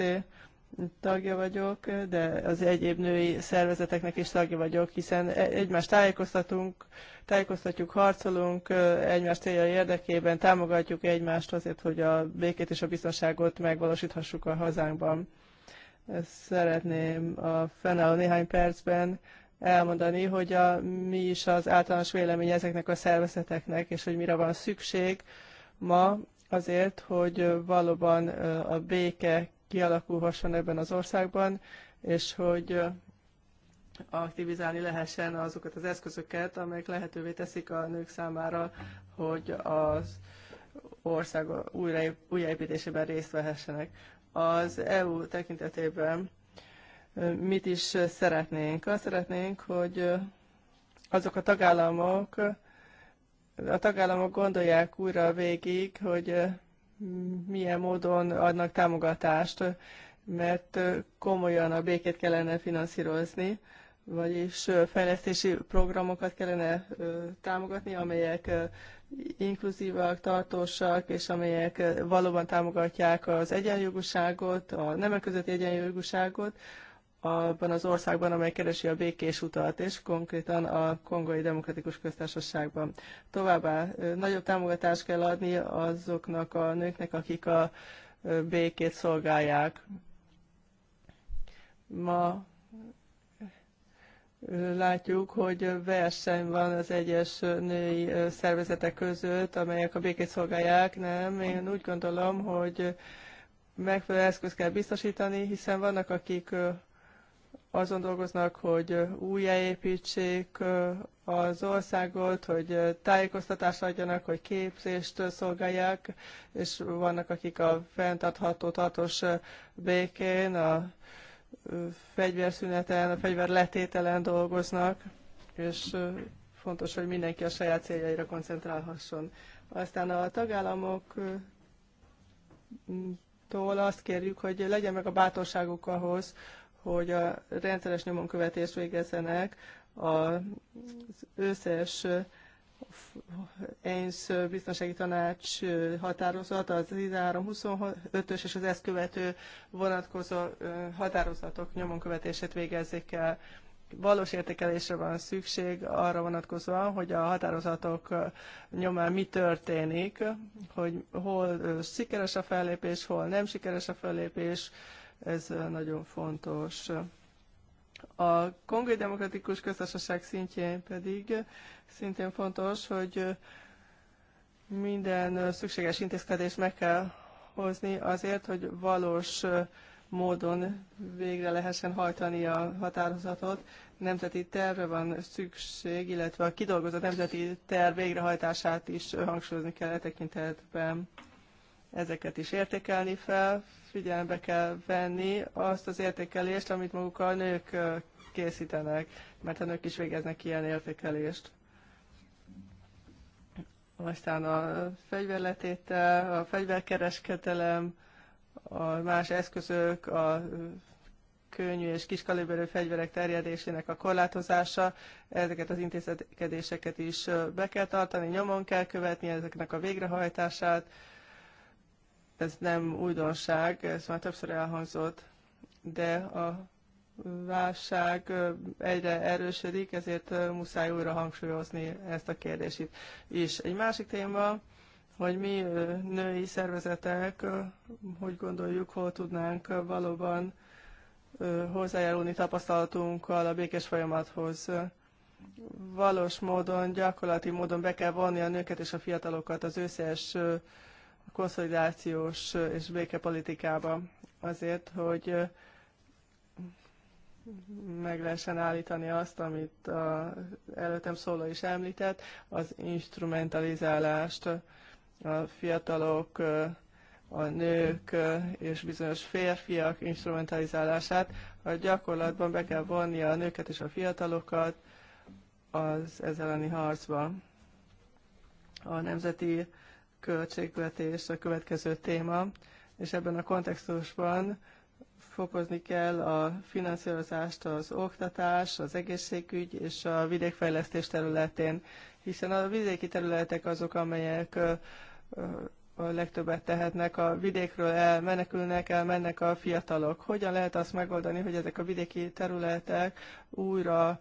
tagja vagyok, de az egyéb női szervezeteknek is tagja vagyok, hiszen e- egymást tájékoztatunk, tájékoztatjuk, harcolunk, egymás célja érdekében támogatjuk egymást azért, hogy a békét és a biztonságot megvalósíthassuk a hazánkban. Szeretném a fennálló néhány percben elmondani, hogy a, mi is az általános vélemény ezeknek a szervezeteknek, és hogy mire van szükség ma azért, hogy valóban a béke kialakulhasson ebben az országban, és hogy aktivizálni lehessen azokat az eszközöket, amelyek lehetővé teszik a nők számára, hogy az ország újraépítésében részt vehessenek. Az EU tekintetében mit is szeretnénk? Azt szeretnénk, hogy azok a tagállamok, a tagállamok gondolják újra végig, hogy milyen módon adnak támogatást, mert komolyan a békét kellene finanszírozni, vagyis fejlesztési programokat kellene támogatni, amelyek inkluzívak, tartósak, és amelyek valóban támogatják az egyenjogúságot, a nemek közötti egyenjogúságot, abban az országban, amely keresi a békés utat, és konkrétan a Kongói Demokratikus Köztársaságban. Továbbá nagyobb támogatást kell adni azoknak a nőknek, akik a békét szolgálják. Ma látjuk, hogy verseny van az egyes női szervezetek között, amelyek a békét szolgálják. Nem, én úgy gondolom, hogy megfelelő eszköz kell biztosítani, hiszen vannak, akik azon dolgoznak, hogy újjáépítsék az országot, hogy tájékoztatást adjanak, hogy képzést szolgálják, és vannak, akik a fenntartható tartós békén, a fegyverszüneten, a fegyverletételen dolgoznak, és fontos, hogy mindenki a saját céljaira koncentrálhasson. Aztán a tagállamoktól azt kérjük, hogy legyen meg a bátorságuk ahhoz, hogy a rendszeres nyomonkövetést végezzenek az összes ENSZ biztonsági tanács határozat, az 1325-ös és az ezt követő vonatkozó határozatok nyomonkövetését végezzék el. Valós értékelésre van szükség arra vonatkozóan, hogy a határozatok nyomán mi történik, hogy hol sikeres a fellépés, hol nem sikeres a fellépés, ez nagyon fontos. A Kongói Demokratikus Köztársaság szintjén pedig szintén fontos, hogy minden szükséges intézkedést meg kell hozni azért, hogy valós módon végre lehessen hajtani a határozatot. Nemzeti tervre van szükség, illetve a kidolgozott nemzeti terv végrehajtását is hangsúlyozni kell e tekintetben. Ezeket is értékelni fel, figyelembe kell venni azt az értékelést, amit maguk a nők készítenek, mert a nők is végeznek ilyen értékelést. Aztán a fegyverletétel, a fegyverkereskedelem, a más eszközök, a könnyű és kiskaliberű fegyverek terjedésének a korlátozása, ezeket az intézkedéseket is be kell tartani, nyomon kell követni ezeknek a végrehajtását, ez nem újdonság, ez szóval már többször elhangzott, de a válság egyre erősödik, ezért muszáj újra hangsúlyozni ezt a kérdést És egy másik téma, hogy mi női szervezetek hogy gondoljuk, hol tudnánk valóban hozzájárulni tapasztalatunkkal a békés folyamathoz. Valós módon, gyakorlati módon be kell vonni a nőket és a fiatalokat az összes konszolidációs és békepolitikába azért, hogy meg lehessen állítani azt, amit a előttem szóló is említett, az instrumentalizálást, a fiatalok, a nők és bizonyos férfiak instrumentalizálását. A gyakorlatban be kell vonni a nőket és a fiatalokat az ez elleni harcba. A nemzeti költségvetés a következő téma, és ebben a kontextusban fokozni kell a finanszírozást az oktatás, az egészségügy és a vidékfejlesztés területén, hiszen a vidéki területek azok, amelyek a legtöbbet tehetnek, a vidékről elmenekülnek, elmennek a fiatalok. Hogyan lehet azt megoldani, hogy ezek a vidéki területek újra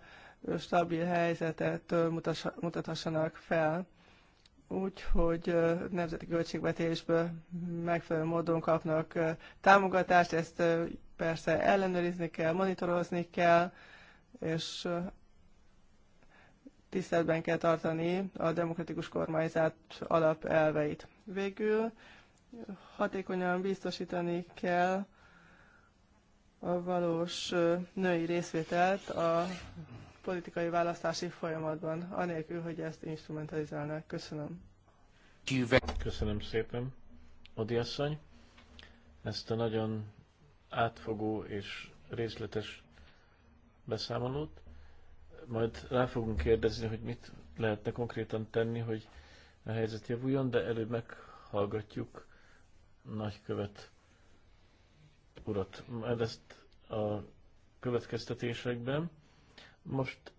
stabil helyzetet mutathassanak fel? úgy, hogy nemzeti költségvetésből megfelelő módon kapnak támogatást, ezt persze ellenőrizni kell, monitorozni kell, és tiszteletben kell tartani a demokratikus kormányzat alapelveit. Végül hatékonyan biztosítani kell a valós női részvételt a politikai választási folyamatban, anélkül, hogy ezt instrumentalizálnák. Köszönöm. Köszönöm szépen, Odi asszony, ezt a nagyon átfogó és részletes beszámolót. Majd rá fogunk kérdezni, hogy mit lehetne konkrétan tenni, hogy a helyzet javuljon, de előbb meghallgatjuk nagykövet urat. ezt a következtetésekben most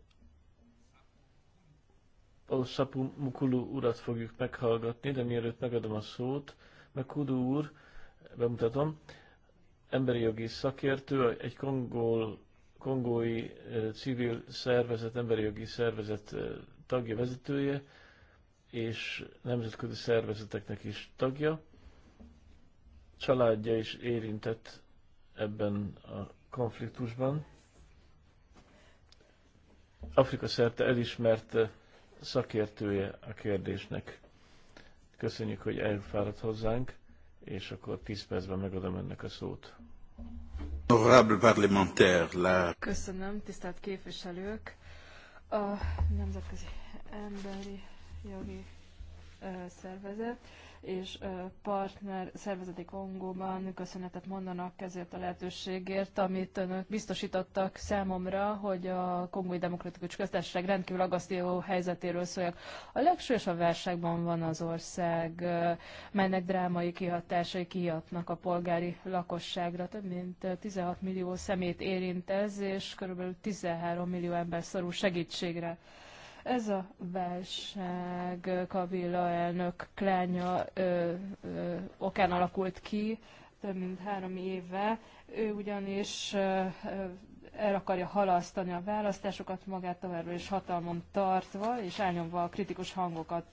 Sapu Mukulu urat fogjuk meghallgatni, de mielőtt megadom a szót, Mekudu úr, bemutatom, emberi jogi szakértő, egy kongol, kongói civil szervezet, emberi jogi szervezet tagja, vezetője, és nemzetközi szervezeteknek is tagja. Családja is érintett ebben a konfliktusban. Afrika szerte elismert eh, szakértője a kérdésnek. Köszönjük, hogy elfáradt hozzánk, és akkor 10 percben megadom ennek a szót. Köszönöm, tisztelt képviselők! A Nemzetközi Emberi Jogi eh, Szervezet és partner szervezetek Kongóban köszönetet mondanak ezért a lehetőségért, amit önök biztosítottak számomra, hogy a Kongói Demokratikus Köztársaság rendkívül agasztió helyzetéről szóljak. A legsúlyosabb válságban van az ország, melynek drámai kihatásai kihatnak a polgári lakosságra. Több mint 16 millió szemét érint ez, és körülbelül 13 millió ember szorul segítségre. Ez a válság Kavilla elnök klánya ö, ö, okán alakult ki több mint három éve. Ő ugyanis ö, el akarja halasztani a választásokat, magát továbbra is hatalmon tartva és elnyomva a kritikus hangokat.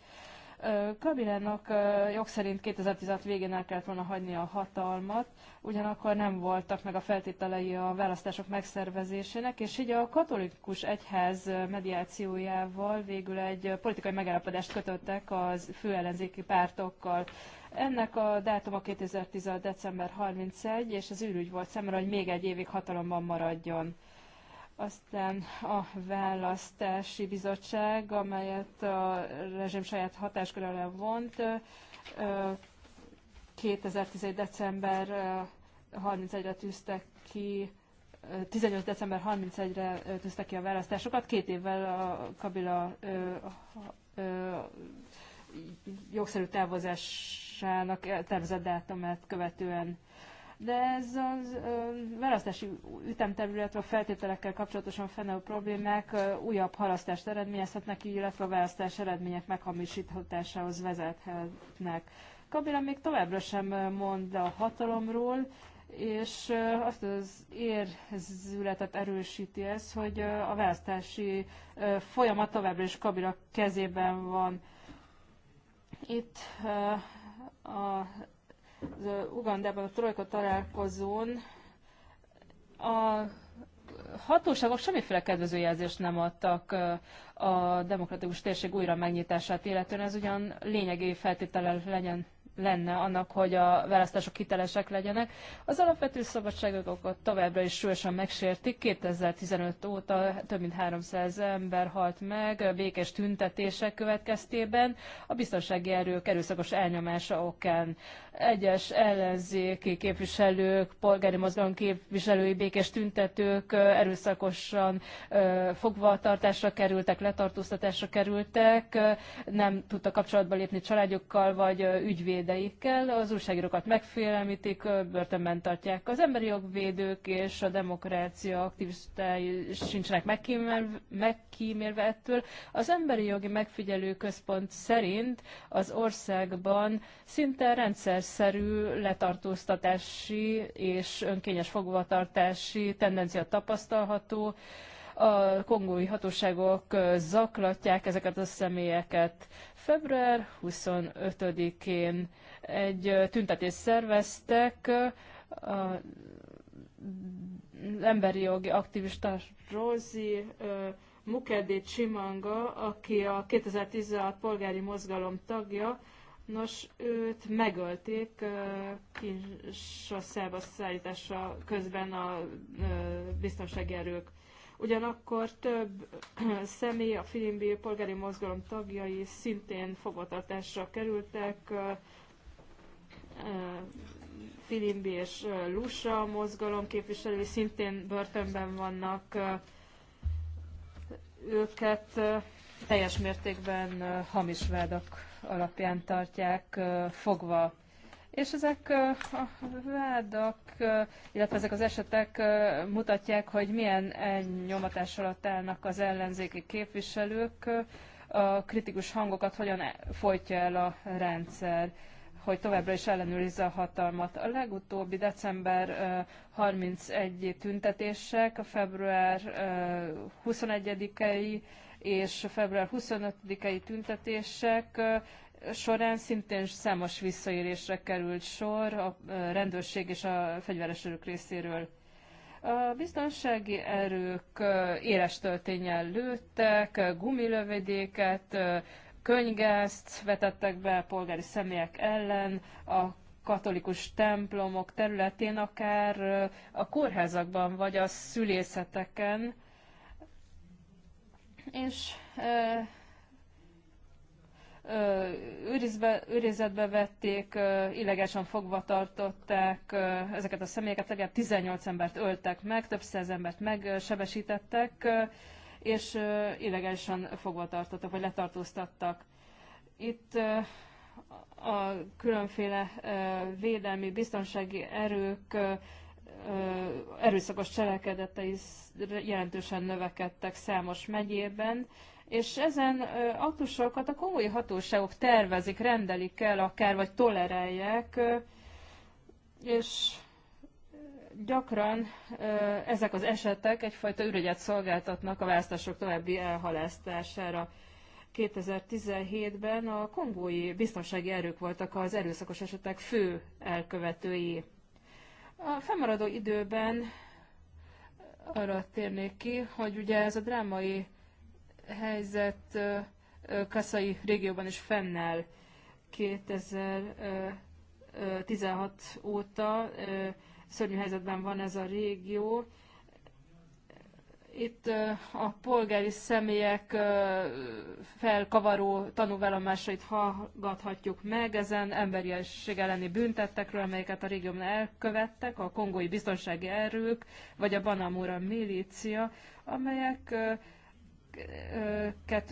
Kabilának jog szerint 2016 végén el kellett volna hagyni a hatalmat, ugyanakkor nem voltak meg a feltételei a választások megszervezésének, és így a katolikus egyház mediációjával végül egy politikai megállapodást kötöttek az fő ellenzéki pártokkal. Ennek a dátuma 2016. december 31, és az űrügy volt szemre, hogy még egy évig hatalomban maradjon. Aztán a választási bizottság, amelyet a rezsim saját hatáskör alá vont, 2011. december 31-re tűzte ki 18. december 31-re tűzte ki a választásokat, két évvel a Kabila jogszerű távozásának tervezett dátumát követően de ez a választási ütemterületre feltételekkel kapcsolatosan fennálló problémák újabb halasztást eredményezhetnek, illetve a választás eredmények meghamisíthatásához vezethetnek. Kabila még továbbra sem mond a hatalomról, és azt az érzületet erősíti ez, hogy a választási folyamat továbbra is Kabila kezében van. Itt a az Ugandában a trojka találkozón a hatóságok semmiféle kedvező jelzést nem adtak a demokratikus térség újra megnyitását illetően. Ez ugyan lényegi feltétele legyen, lenne annak, hogy a választások hitelesek legyenek. Az alapvető szabadságokat továbbra is súlyosan megsértik. 2015 óta több mint 300 ember halt meg békés tüntetések következtében a biztonsági erők erőszakos elnyomása okán egyes ellenzéki képviselők, polgári mozgalom képviselői, békés tüntetők erőszakosan fogvatartásra kerültek, letartóztatásra kerültek, nem tudtak kapcsolatba lépni családjukkal vagy ügyvédeikkel, az újságírókat megfélemítik, börtönben tartják. Az emberi jogvédők és a demokrácia aktivistái sincsenek megkímélve ettől. Az emberi jogi megfigyelő központ szerint az országban szinte rendszer időszerű letartóztatási és önkényes fogvatartási tendencia tapasztalható. A kongói hatóságok zaklatják ezeket a személyeket. Február 25-én egy tüntetést szerveztek a emberi jogi aktivista Rózi Mukedé Csimanga, aki a 2016 polgári mozgalom tagja, Nos, őt megölték Kinshasa-ba szállítása közben a biztonsági erők. Ugyanakkor több személy, a Filimbi polgári mozgalom tagjai szintén fogvatartásra kerültek, Filimbi és Lusa mozgalom képviselői szintén börtönben vannak, őket teljes mértékben hamis vádak alapján tartják fogva. És ezek a vádak, illetve ezek az esetek mutatják, hogy milyen nyomatás alatt állnak az ellenzéki képviselők, a kritikus hangokat hogyan e, folytja el a rendszer hogy továbbra is ellenőrizze a hatalmat. A legutóbbi december 31 tüntetések, a február 21-i és február 25-i tüntetések során szintén számos visszaélésre került sor a rendőrség és a fegyveres erők részéről. A biztonsági erők éles töltényen lőttek, gumilövedéket, könygázt vetettek be polgári személyek ellen, a katolikus templomok területén, akár a kórházakban vagy a szülészeteken, és ö, ö, őrizbe, őrizetbe vették, illegálisan fogva tartották ö, ezeket a személyeket, legalább 18 embert öltek meg, több száz embert megsebesítettek, és ö, illegálisan fogva tartottak, vagy letartóztattak. Itt ö, a különféle védelmi, biztonsági erők erőszakos cselekedetei jelentősen növekedtek számos megyében, és ezen aktusokat a komoly hatóságok tervezik, rendelik el akár, vagy tolerálják, és gyakran ezek az esetek egyfajta ürögyet szolgáltatnak a választások további elhalasztására. 2017-ben a kongói biztonsági erők voltak az erőszakos esetek fő elkövetői. A fennmaradó időben arra térnék ki, hogy ugye ez a drámai helyzet Kassai régióban is fennáll 2016 óta. Szörnyű helyzetben van ez a régió, itt a polgári személyek felkavaró tanúvállomásait hallgathatjuk meg ezen emberiesség elleni büntettekről, amelyeket a régióban elkövettek, a kongói biztonsági erők, vagy a Banamura milícia, amelyek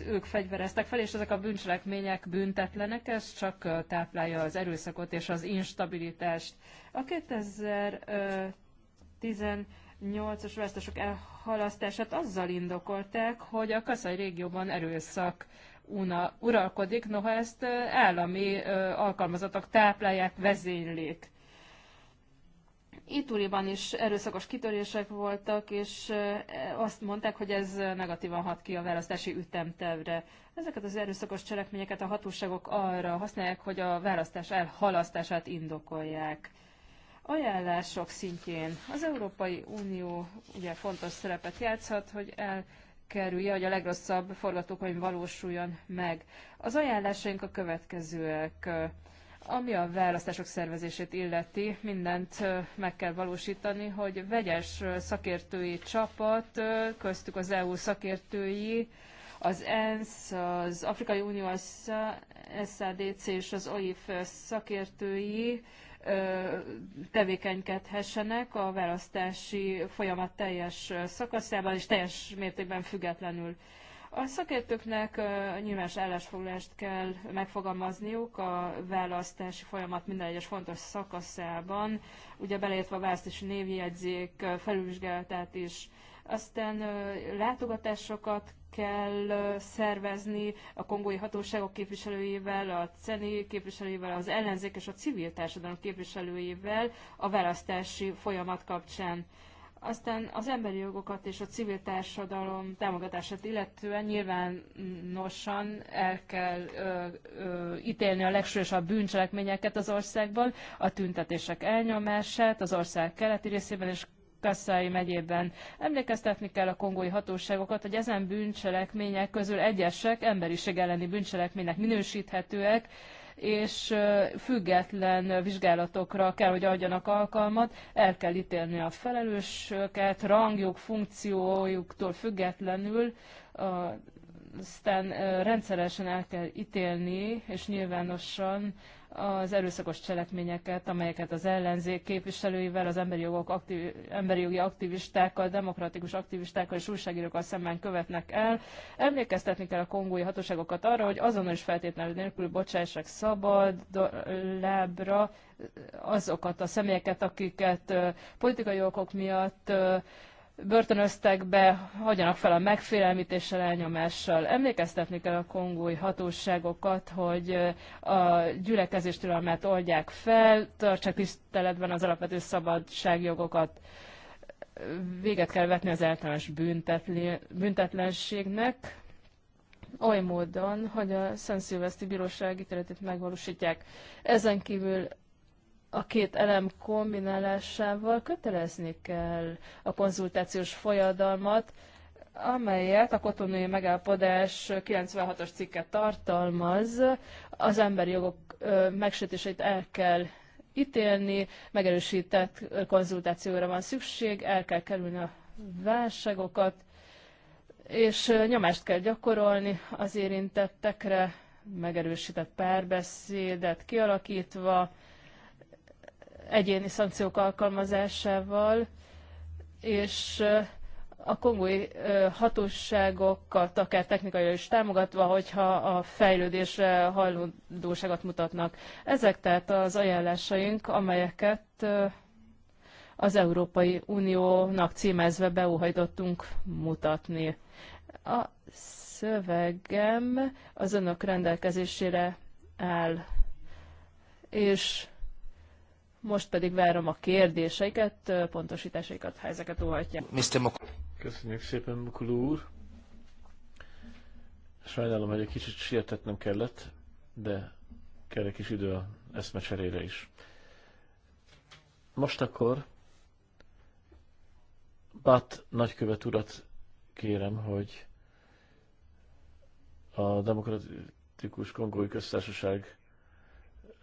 ők fegyvereztek fel, és ezek a bűncselekmények büntetlenek, ez csak táplálja az erőszakot és az instabilitást. A 2010 nyolcas választások elhalasztását azzal indokolták, hogy a Kaszai régióban erőszak una, uralkodik, noha ezt állami alkalmazatok táplálják, vezénylik. Ituriban is erőszakos kitörések voltak, és azt mondták, hogy ez negatívan hat ki a választási ütemtevre. Ezeket az erőszakos cselekményeket a hatóságok arra használják, hogy a választás elhalasztását indokolják. Ajánlások szintjén az Európai Unió ugye fontos szerepet játszhat, hogy el kerülje, hogy a legrosszabb forgatókönyv valósuljon meg. Az ajánlásaink a következőek. Ami a választások szervezését illeti, mindent meg kell valósítani, hogy vegyes szakértői csapat, köztük az EU szakértői, az ENSZ, az Afrikai Unió, az SZADC és az OIF szakértői tevékenykedhessenek a választási folyamat teljes szakaszában és teljes mértékben függetlenül. A szakértőknek nyilvános állásfoglalást kell megfogalmazniuk a választási folyamat minden egyes fontos szakaszában, ugye beleértve a választási névjegyzék felülvizsgálatát is. Aztán látogatásokat kell szervezni a kongói hatóságok képviselőivel, a CENI képviselőivel, az ellenzék és a civil társadalom képviselőivel a választási folyamat kapcsán. Aztán az emberi jogokat és a civil társadalom támogatását illetően nyilvánosan el kell ö, ö, ítélni a legsúlyosabb bűncselekményeket az országban, a tüntetések elnyomását az ország keleti részében és Kassai megyében. Emlékeztetni kell a kongói hatóságokat, hogy ezen bűncselekmények közül egyesek emberiség elleni bűncselekménynek minősíthetőek, és független vizsgálatokra kell, hogy adjanak alkalmat, el kell ítélni a felelősöket, rangjuk, funkciójuktól függetlenül, aztán rendszeresen el kell ítélni, és nyilvánosan az erőszakos cselekményeket, amelyeket az ellenzék képviselőivel, az emberi, jogok aktív, emberi jogi aktivistákkal, demokratikus aktivistákkal és újságírókkal szemben követnek el. Emlékeztetni kell a kongói hatóságokat arra, hogy azonos feltétlenül nélkül bocsássák szabad lábra azokat a személyeket, akiket politikai okok miatt börtönöztek be, hagyjanak fel a megfélemlítéssel, elnyomással. Emlékeztetni kell a kongói hatóságokat, hogy a gyülekezés türelmát oldják fel, tartsák tiszteletben az alapvető szabadságjogokat, véget kell vetni az általános büntetlenségnek, oly módon, hogy a Szent Szilveszti Bíróság ítéletét megvalósítják. Ezen kívül a két elem kombinálásával kötelezni kell a konzultációs folyadalmat, amelyet a kotonai megállapodás 96 as cikke tartalmaz, az emberi jogok megsértéseit el kell ítélni, megerősített konzultációra van szükség, el kell kerülni a válságokat, és nyomást kell gyakorolni az érintettekre, megerősített párbeszédet kialakítva, egyéni szankciók alkalmazásával, és a kongói hatóságokat akár technikailag is támogatva, hogyha a fejlődésre hajlandóságot mutatnak. Ezek tehát az ajánlásaink, amelyeket az Európai Uniónak címezve beúhajtottunk mutatni. A szövegem az önök rendelkezésére áll, és most pedig várom a kérdéseiket, pontosításaikat, ha ezeket óhatják. Köszönjük szépen, Mokul úr. Sajnálom, hogy egy kicsit sietetnem kellett, de kell egy kis idő a eszmecserére is. Most akkor Bát nagykövet urat kérem, hogy a Demokratikus Kongói Köztársaság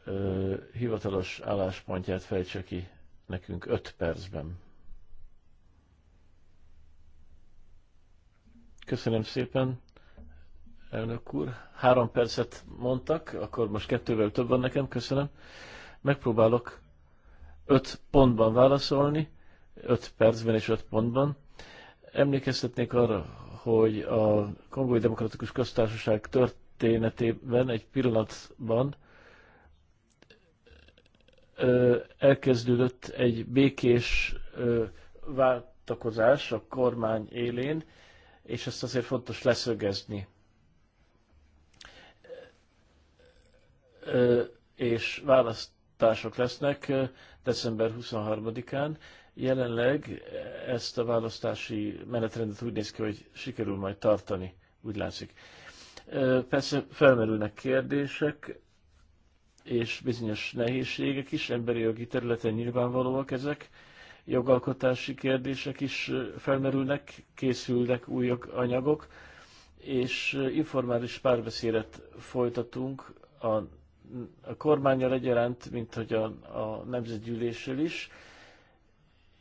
ö, hivatalos álláspontját fejtse ki nekünk 5 percben. Köszönöm szépen, elnök úr. Három percet mondtak, akkor most kettővel több van nekem, köszönöm. Megpróbálok öt pontban válaszolni, öt percben és öt pontban. Emlékeztetnék arra, hogy a Kongói Demokratikus Köztársaság történetében egy pillanatban elkezdődött egy békés váltakozás a kormány élén, és ezt azért fontos leszögezni. És választások lesznek december 23-án. Jelenleg ezt a választási menetrendet úgy néz ki, hogy sikerül majd tartani, úgy látszik. Persze felmerülnek kérdések, és bizonyos nehézségek is, emberi jogi területen nyilvánvalóak ezek, jogalkotási kérdések is felmerülnek, készülnek új anyagok, és informális párbeszédet folytatunk a, a kormányjal egyaránt, mint hogy a, a nemzetgyűléssel is,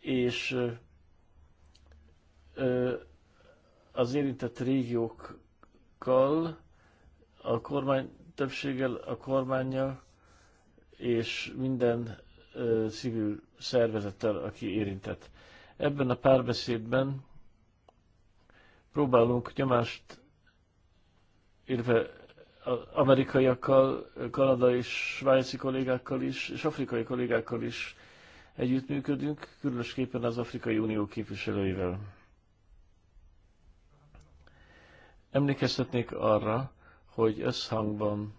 és ö, az érintett régiókkal, a kormány többséggel, a kormányjal és minden ö, civil szervezettel, aki érintett. Ebben a párbeszédben próbálunk nyomást, illetve amerikaiakkal, kanadai és svájci kollégákkal is, és afrikai kollégákkal is együttműködünk, különösképpen az Afrikai Unió képviselőivel. Emlékeztetnék arra, hogy összhangban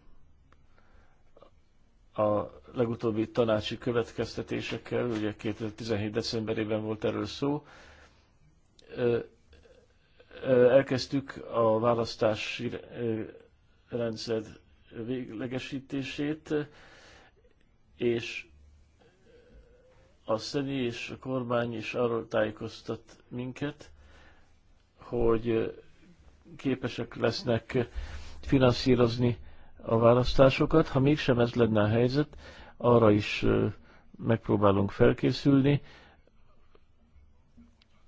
a legutóbbi tanácsi következtetésekkel, ugye 2017. decemberében volt erről szó, elkezdtük a választási rendszer véglegesítését, és a személy és a kormány is arról tájékoztat minket, hogy képesek lesznek finanszírozni a választásokat. Ha mégsem ez lenne a helyzet, arra is megpróbálunk felkészülni.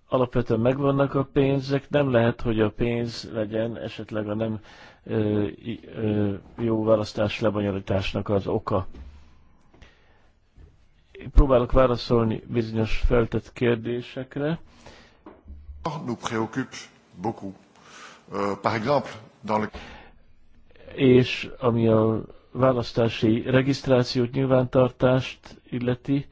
Alapvetően megvannak a pénzek, nem lehet, hogy a pénz legyen esetleg a nem ö, ö, jó választás lebonyolításnak az oka. Én próbálok válaszolni bizonyos feltett kérdésekre. Nous préoccupe beaucoup. Uh, par exemple, dans le és ami a választási regisztrációt, nyilvántartást illeti,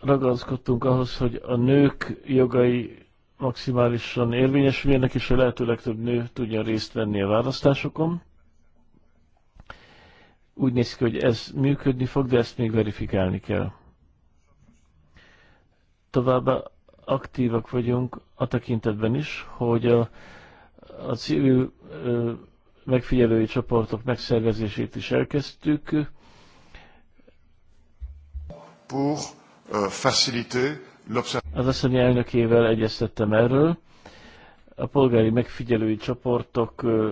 ragaszkodtunk ahhoz, hogy a nők jogai maximálisan érvényesüljenek, és a lehető legtöbb nő tudjon részt venni a választásokon. Úgy néz ki, hogy ez működni fog, de ezt még verifikálni kell. Továbbá aktívak vagyunk a tekintetben is, hogy a, a civil ö, megfigyelői csoportok megszervezését is elkezdtük. Pour, uh, Az asszony elnökével egyeztettem erről. A polgári megfigyelői csoportok uh,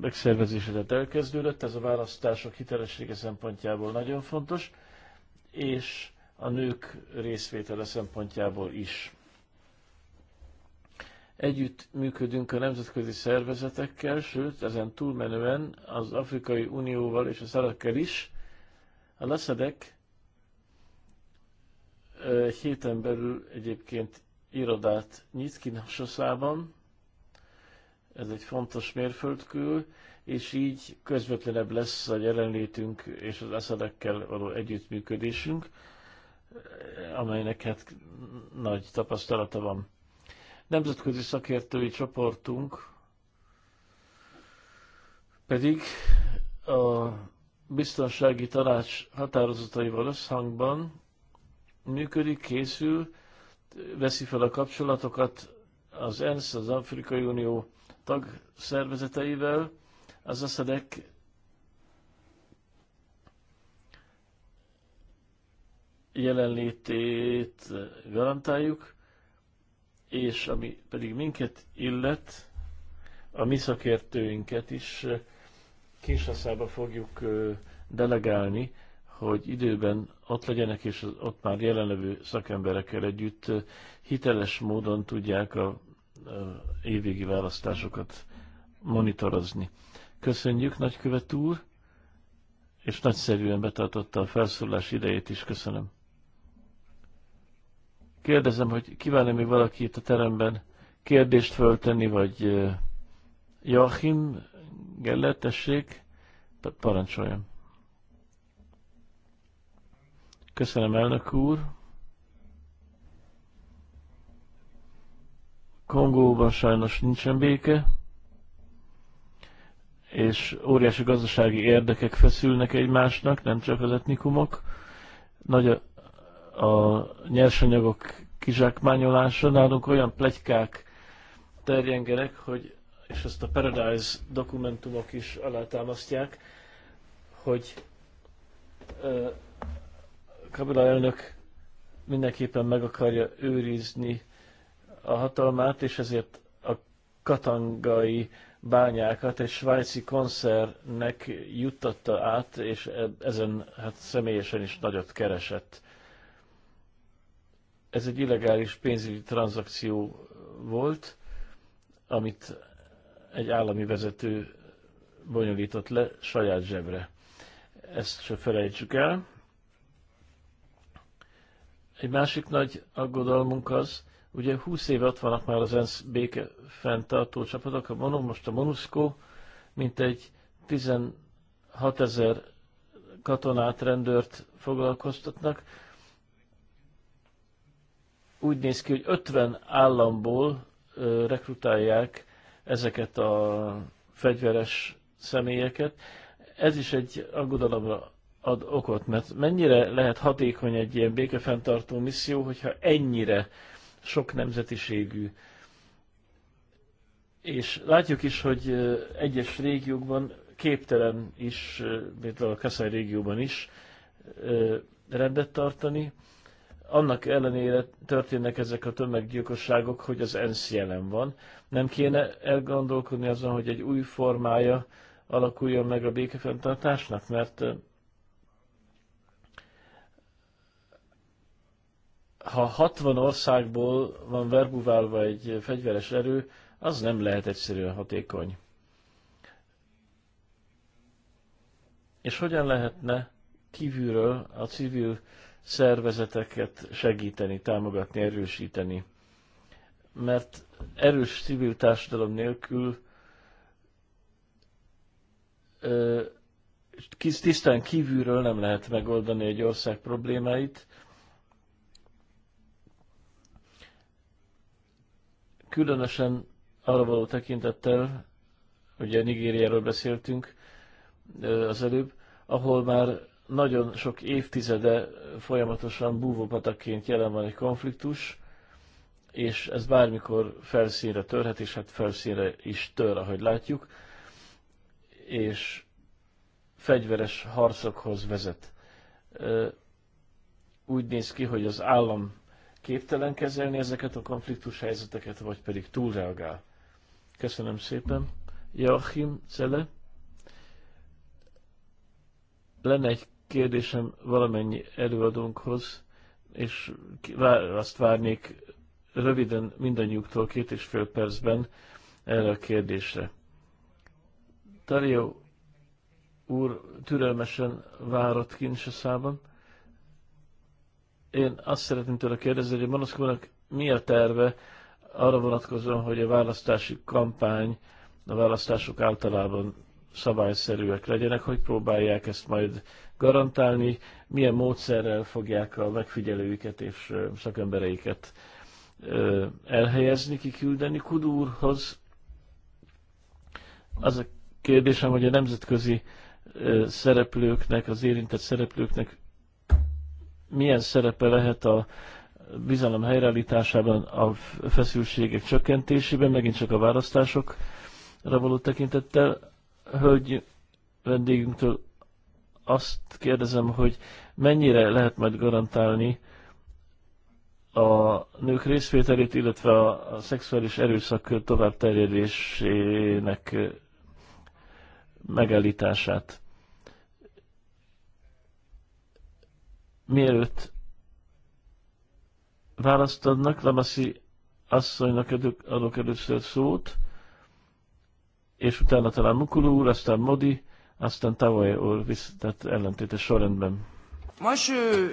megszervezésedet elkezdődött, ez a választások hitelessége szempontjából nagyon fontos, és a nők részvétele szempontjából is. Együtt működünk a nemzetközi szervezetekkel, sőt, ezen túlmenően az Afrikai Unióval és a szarakkel is. A leszedek egy héten belül egyébként irodát nyit ki ez egy fontos mérföldkő, és így közvetlenebb lesz a jelenlétünk és az eszedekkel való együttműködésünk, amelynek hát nagy tapasztalata van. Nemzetközi szakértői csoportunk pedig a biztonsági tanács határozataival összhangban működik, készül, veszi fel a kapcsolatokat az ENSZ, az Afrikai Unió tagszervezeteivel, az ASZEDEK jelenlétét garantáljuk, és ami pedig minket illet, a mi szakértőinket is Kinsaszába fogjuk delegálni, hogy időben ott legyenek, és az ott már jelenlevő szakemberekkel együtt hiteles módon tudják a, a évvégi választásokat monitorozni. Köszönjük, nagykövet úr, és nagyszerűen betartotta a felszólás idejét is, köszönöm. Kérdezem, hogy kíván-e még valaki itt a teremben kérdést föltenni, vagy Joachim Geller, tessék, parancsoljam. Köszönöm, elnök úr. Kongóban sajnos nincsen béke, és óriási gazdasági érdekek feszülnek egymásnak, nem csak az etnikumok. Nagy a a nyersanyagok kizsákmányolása. Nálunk olyan plegykák terjengenek, hogy, és ezt a Paradise dokumentumok is alátámasztják, hogy uh, Kabila elnök mindenképpen meg akarja őrizni a hatalmát, és ezért a katangai bányákat egy svájci koncernek juttatta át, és e- ezen hát személyesen is nagyot keresett. Ez egy illegális pénzügyi tranzakció volt, amit egy állami vezető bonyolított le saját zsebre. Ezt se felejtsük el. Egy másik nagy aggodalmunk az, ugye 20 éve ott vannak már az ENSZ béke fenntartó csapatok, a MONU, most a MONUSCO, mint egy 16 ezer katonát, rendőrt foglalkoztatnak, úgy néz ki, hogy 50 államból rekrutálják ezeket a fegyveres személyeket. Ez is egy aggodalomra ad okot, mert mennyire lehet hatékony egy ilyen békefenntartó misszió, hogyha ennyire sok nemzetiségű. És látjuk is, hogy egyes régiókban képtelen is, például a Kassai régióban is rendet tartani, annak ellenére történnek ezek a tömeggyilkosságok, hogy az ENSZ jelen van. Nem kéne elgondolkodni azon, hogy egy új formája alakuljon meg a békefenntartásnak, mert ha 60 országból van verbuválva egy fegyveres erő, az nem lehet egyszerűen hatékony. És hogyan lehetne kívülről a civil szervezeteket segíteni, támogatni, erősíteni. Mert erős civil társadalom nélkül tisztán kívülről nem lehet megoldani egy ország problémáit. Különösen arra való tekintettel, ugye Nigériáról beszéltünk az előbb, ahol már nagyon sok évtizede folyamatosan búvópatakként jelen van egy konfliktus, és ez bármikor felszínre törhet, és hát felszínre is tör, ahogy látjuk, és fegyveres harcokhoz vezet. Úgy néz ki, hogy az állam képtelen kezelni ezeket a konfliktus helyzeteket, vagy pedig túlreagál. Köszönöm szépen. Joachim Cele. Lenne egy kérdésem valamennyi előadónkhoz, és azt várnék röviden mindannyiuktól két és fél percben erre a kérdésre. Dario úr türelmesen várat Kinsaszában. Én azt szeretném tőle kérdezni, hogy Manoszkónak mi a terve arra vonatkozóan, hogy a választási kampány, a választások általában szabályszerűek legyenek, hogy próbálják ezt majd garantálni, milyen módszerrel fogják a megfigyelőiket és szakembereiket elhelyezni, kiküldeni. Kudúrhoz az a kérdésem, hogy a nemzetközi szereplőknek, az érintett szereplőknek milyen szerepe lehet a bizalom helyreállításában, a feszültségek csökkentésében, megint csak a választásokra való tekintettel. Hölgy vendégünktől azt kérdezem, hogy mennyire lehet majd garantálni a nők részvételét, illetve a, szexuális erőszak terjedésének megállítását. Mielőtt választ adnak, Lamassi asszonynak adok először szót, és utána talán Mukulu úr, aztán Modi, aztán tavaly úr visz, tehát ellentétes sorrendben. Moi, je, euh,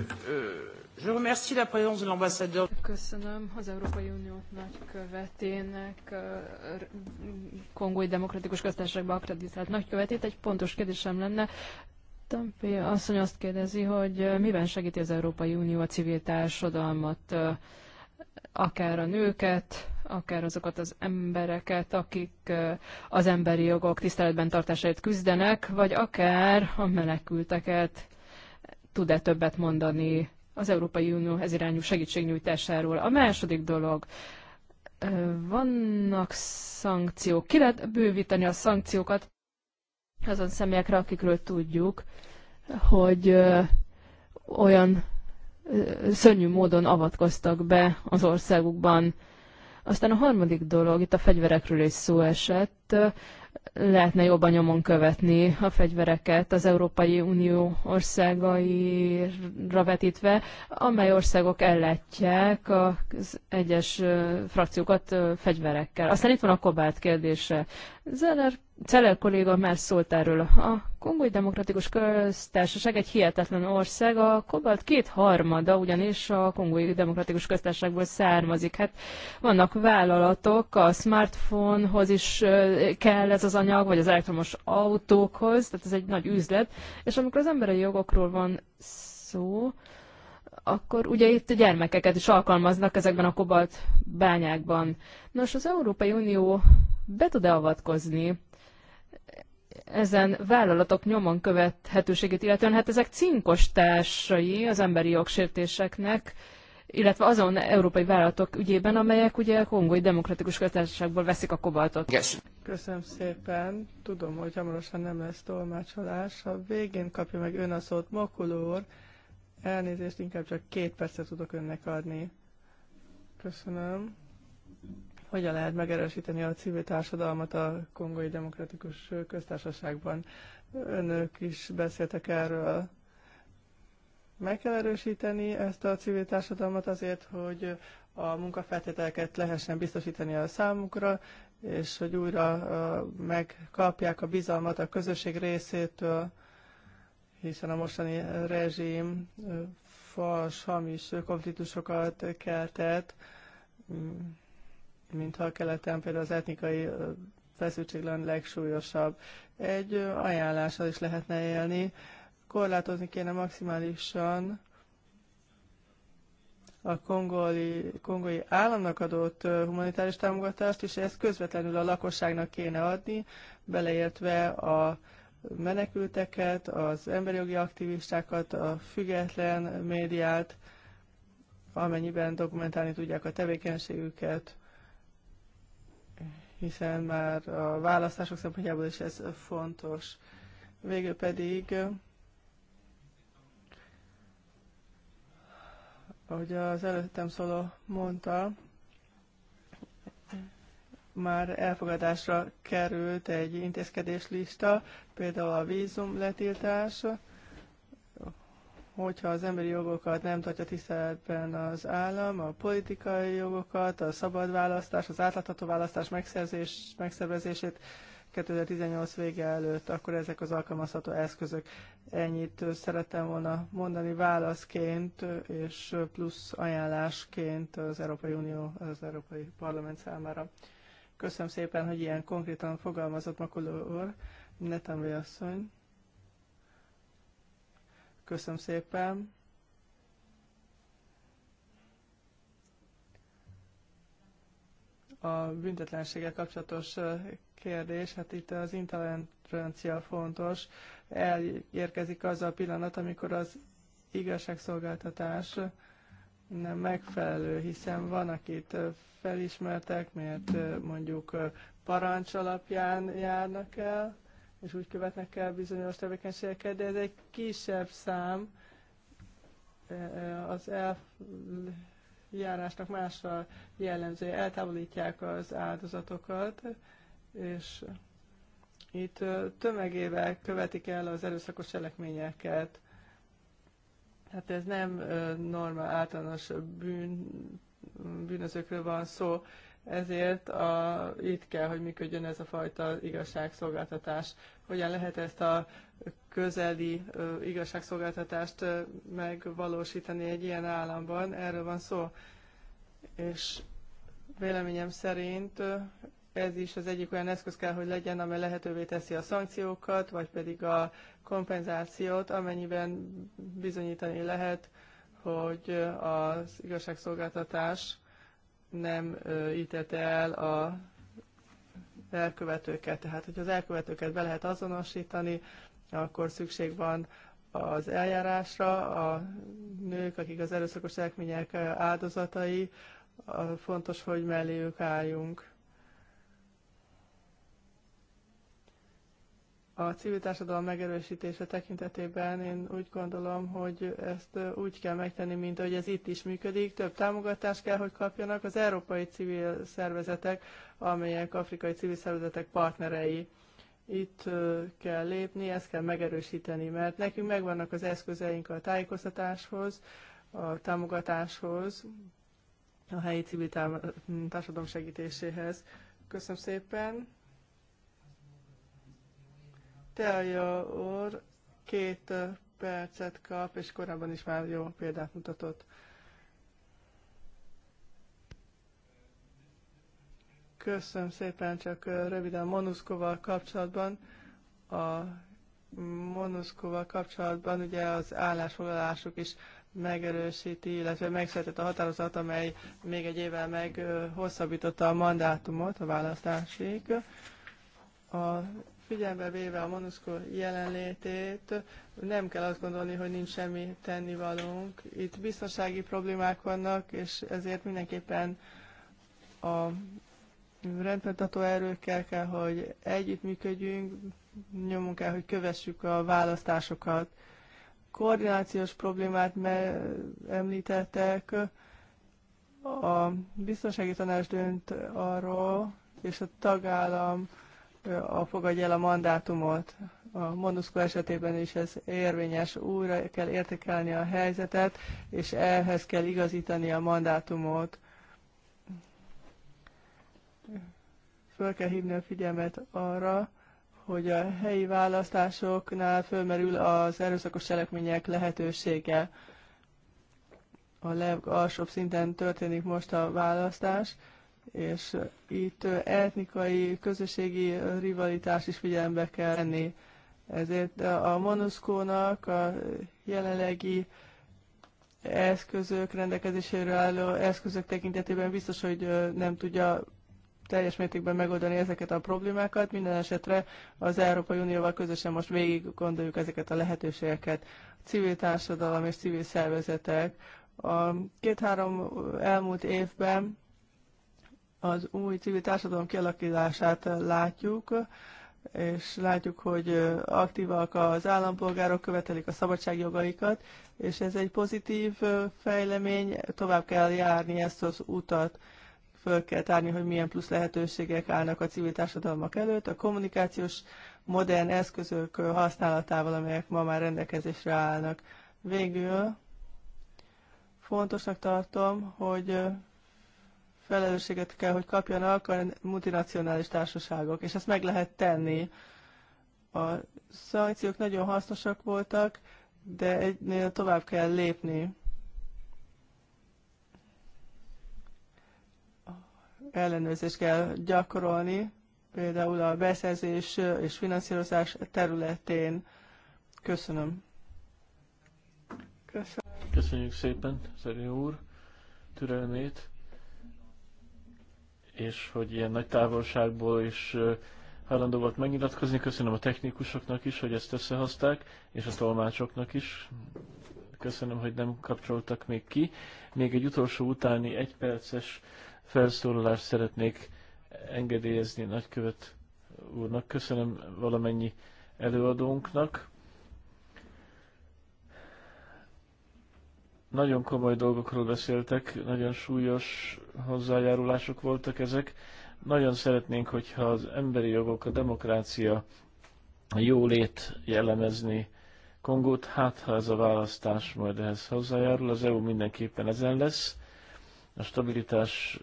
je remercie la présence de l'ambassadeur. Köszönöm az Európai Unió nagykövetének, Kongói Demokratikus Köztársaságban akreditált nagykövetét. Egy pontos kérdésem lenne. Tampi asszony azt kérdezi, hogy miben segíti az Európai Unió a civil társadalmat akár a nőket, akár azokat az embereket, akik az emberi jogok tiszteletben tartásáért küzdenek, vagy akár a menekülteket tud-e többet mondani az Európai Unió ez irányú segítségnyújtásáról. A második dolog, vannak szankciók. Ki lehet bővíteni a szankciókat azon személyekre, akikről tudjuk, hogy olyan szörnyű módon avatkoztak be az országukban. Aztán a harmadik dolog, itt a fegyverekről is szó esett, lehetne jobban nyomon követni a fegyvereket az Európai Unió országaira vetítve, amely országok ellátják az egyes frakciókat fegyverekkel. Aztán itt van a kobált kérdése. Zeller Celer kolléga már szólt erről. A Kongói Demokratikus Köztársaság egy hihetetlen ország. A kobalt kétharmada ugyanis a Kongói Demokratikus Köztársaságból származik. Hát vannak vállalatok, a smartphonehoz is kell ez az anyag, vagy az elektromos autókhoz, tehát ez egy nagy üzlet. És amikor az emberi jogokról van szó, akkor ugye itt a gyermekeket is alkalmaznak ezekben a kobalt bányákban. Nos, az Európai Unió be tud-e avatkozni ezen vállalatok nyomon követhetőségét illetően, hát ezek cinkos társai az emberi jogsértéseknek, illetve azon európai vállalatok ügyében, amelyek ugye a kongói demokratikus köztársaságból veszik a kobaltot. Yes. Köszönöm szépen. Tudom, hogy hamarosan nem lesz tolmácsolás. A végén kapja meg ön a szót, Mokuló úr. Elnézést, inkább csak két percet tudok önnek adni. Köszönöm hogyan lehet megerősíteni a civil társadalmat a Kongói Demokratikus Köztársaságban. Önök is beszéltek erről. Meg kell erősíteni ezt a civil társadalmat azért, hogy a munkafeltételeket lehessen biztosítani a számukra, és hogy újra megkapják a bizalmat a közösség részétől, hiszen a mostani rezsim fals, hamis konfliktusokat keltett, mm mintha a keleten például az etnikai feszültség lenne legsúlyosabb. Egy ajánlással is lehetne élni, korlátozni kéne maximálisan a kongoli, kongoli államnak adott humanitárius támogatást, és ezt közvetlenül a lakosságnak kéne adni, beleértve a menekülteket, az emberi jogi aktivistákat, a független médiát, amennyiben dokumentálni tudják a tevékenységüket hiszen már a választások szempontjából is ez fontos. Végül pedig, ahogy az előttem szóló mondta, már elfogadásra került egy intézkedéslista, például a vízum letiltás, hogyha az emberi jogokat nem tartja tiszteletben az állam, a politikai jogokat, a szabad választás, az átlátható választás megszerzés, megszervezését 2018 vége előtt, akkor ezek az alkalmazható eszközök. Ennyit szerettem volna mondani válaszként és plusz ajánlásként az Európai Unió, az Európai Parlament számára. Köszönöm szépen, hogy ilyen konkrétan fogalmazott Makuló úr, Netanvé asszony. Köszönöm szépen. A büntetlenséggel kapcsolatos kérdés, hát itt az intolerancia fontos. Elérkezik az a pillanat, amikor az igazságszolgáltatás nem megfelelő, hiszen van, akit felismertek, mert mondjuk parancs alapján járnak el, és úgy követnek el bizonyos tevékenységeket, de ez egy kisebb szám, e, e, az eljárásnak más a jellemzője. Eltávolítják az áldozatokat, és itt tömegével követik el az erőszakos cselekményeket. Hát ez nem normál általános bűn, bűnözőkről van szó. Ezért a, itt kell, hogy működjön ez a fajta igazságszolgáltatás. Hogyan lehet ezt a közeli ö, igazságszolgáltatást ö, megvalósítani egy ilyen államban? Erről van szó. És véleményem szerint ö, ez is az egyik olyan eszköz kell, hogy legyen, amely lehetővé teszi a szankciókat, vagy pedig a kompenzációt, amennyiben bizonyítani lehet, hogy az igazságszolgáltatás nem ítélte el a elkövetőket. Tehát, hogy az elkövetőket be lehet azonosítani, akkor szükség van az eljárásra, a nők, akik az erőszakos elkmények áldozatai, fontos, hogy melléjük álljunk. A civil társadalom megerősítése tekintetében én úgy gondolom, hogy ezt úgy kell megtenni, mint ahogy ez itt is működik. Több támogatást kell, hogy kapjanak az európai civil szervezetek, amelyek afrikai civil szervezetek partnerei. Itt kell lépni, ezt kell megerősíteni, mert nekünk megvannak az eszközeink a tájékoztatáshoz, a támogatáshoz, a helyi civil társadalom segítéséhez. Köszönöm szépen! Teaja úr két percet kap, és korábban is már jó példát mutatott. Köszönöm szépen, csak röviden Monuszkóval kapcsolatban. A Monuszkóval kapcsolatban ugye az állásfoglalásuk is megerősíti, illetve megszületett a határozat, amely még egy évvel meghosszabbította a mandátumot a választásig. A Figyelembe véve a MONUSCO jelenlétét, nem kell azt gondolni, hogy nincs semmi tennivalónk. Itt biztonsági problémák vannak, és ezért mindenképpen a rendfenntartó erőkkel kell, hogy együttműködjünk, nyomunk kell, hogy kövessük a választásokat. Koordinációs problémát említettek, a biztonsági tanács dönt arról, és a tagállam a fogadja el a mandátumot. A Monduszko esetében is ez érvényes, újra kell értékelni a helyzetet, és ehhez kell igazítani a mandátumot. Föl kell hívni a figyelmet arra, hogy a helyi választásoknál fölmerül az erőszakos cselekmények lehetősége. A legalsóbb szinten történik most a választás, és itt etnikai, közösségi rivalitás is figyelembe kell venni. Ezért a monusco a jelenlegi eszközök, rendelkezésére álló eszközök tekintetében biztos, hogy nem tudja teljes mértékben megoldani ezeket a problémákat. Minden esetre az Európai Unióval közösen most végig gondoljuk ezeket a lehetőségeket. A civil társadalom és civil szervezetek. A két-három elmúlt évben az új civil társadalom kialakítását látjuk, és látjuk, hogy aktívak az állampolgárok, követelik a szabadságjogaikat, és ez egy pozitív fejlemény, tovább kell járni ezt az utat, föl kell tárni, hogy milyen plusz lehetőségek állnak a civil társadalmak előtt, a kommunikációs modern eszközök használatával, amelyek ma már rendelkezésre állnak. Végül fontosnak tartom, hogy felelősséget kell, hogy kapjanak a multinacionális társaságok, és ezt meg lehet tenni. A szankciók nagyon hasznosak voltak, de egynél tovább kell lépni. Ellenőrzést kell gyakorolni, például a beszerzés és finanszírozás területén. Köszönöm. Köszönöm. Köszönjük szépen, Szerű úr, türelmét és hogy ilyen nagy távolságból is hajlandó volt megnyilatkozni. Köszönöm a technikusoknak is, hogy ezt összehozták, és a tolmácsoknak is. Köszönöm, hogy nem kapcsoltak még ki. Még egy utolsó utáni egyperces felszólalást szeretnék engedélyezni nagykövet úrnak. Köszönöm valamennyi előadónknak. Nagyon komoly dolgokról beszéltek, nagyon súlyos hozzájárulások voltak ezek. Nagyon szeretnénk, hogyha az emberi jogok, a demokrácia, a jólét jellemezni Kongót, hát ha ez a választás majd ehhez hozzájárul, az EU mindenképpen ezen lesz. A stabilitás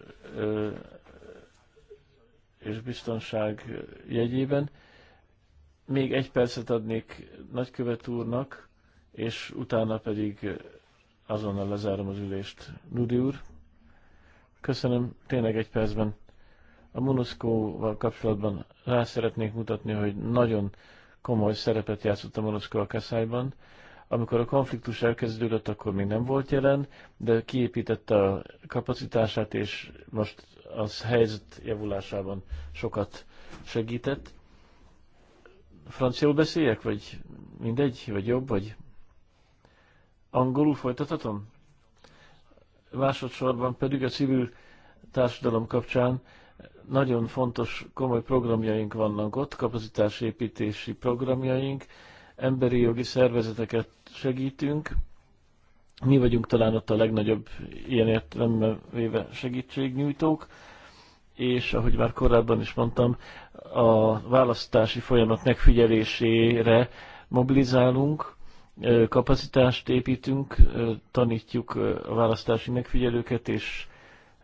és biztonság jegyében. Még egy percet adnék nagykövet úrnak, és utána pedig azonnal lezárom az ülést. Nudi úr, köszönöm, tényleg egy percben. A Monoszkóval kapcsolatban rá szeretnék mutatni, hogy nagyon komoly szerepet játszott a Monoszkó a Kaszályban. Amikor a konfliktus elkezdődött, akkor még nem volt jelen, de kiépítette a kapacitását, és most az helyzet javulásában sokat segített. Franciául beszéljek, vagy mindegy, vagy jobb, vagy Angolul folytathatom? Másodszorban pedig a civil társadalom kapcsán nagyon fontos, komoly programjaink vannak ott, kapacitásépítési programjaink, emberi jogi szervezeteket segítünk. Mi vagyunk talán ott a legnagyobb ilyen értelemben véve segítségnyújtók, és ahogy már korábban is mondtam, a választási folyamat megfigyelésére mobilizálunk, kapacitást építünk, tanítjuk a választási megfigyelőket, és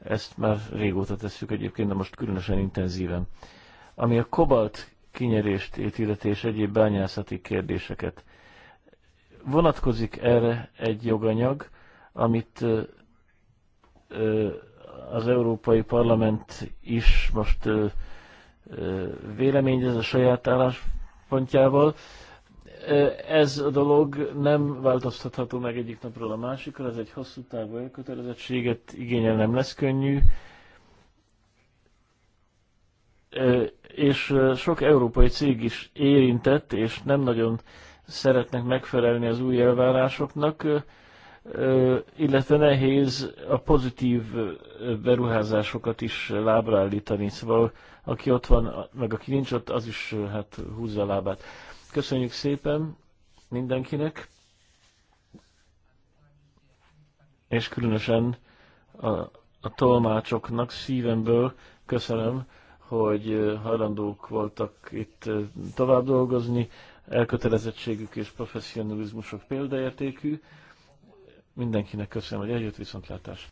ezt már régóta tesszük egyébként, de most különösen intenzíven. Ami a kobalt kinyerést, illeti és egyéb bányászati kérdéseket. Vonatkozik erre egy joganyag, amit az Európai Parlament is most véleményez a saját álláspontjával ez a dolog nem változtatható meg egyik napról a másikra, ez egy hosszú távú elkötelezettséget igényel nem lesz könnyű. És sok európai cég is érintett, és nem nagyon szeretnek megfelelni az új elvárásoknak, illetve nehéz a pozitív beruházásokat is lábra állítani. Szóval aki ott van, meg aki nincs ott, az is hát húzza a lábát. Köszönjük szépen mindenkinek, és különösen a, a tolmácsoknak szívemből köszönöm, hogy hajlandók voltak itt tovább dolgozni, elkötelezettségük és professzionalizmusok példaértékű. Mindenkinek köszönöm, hogy eljött viszontlátás.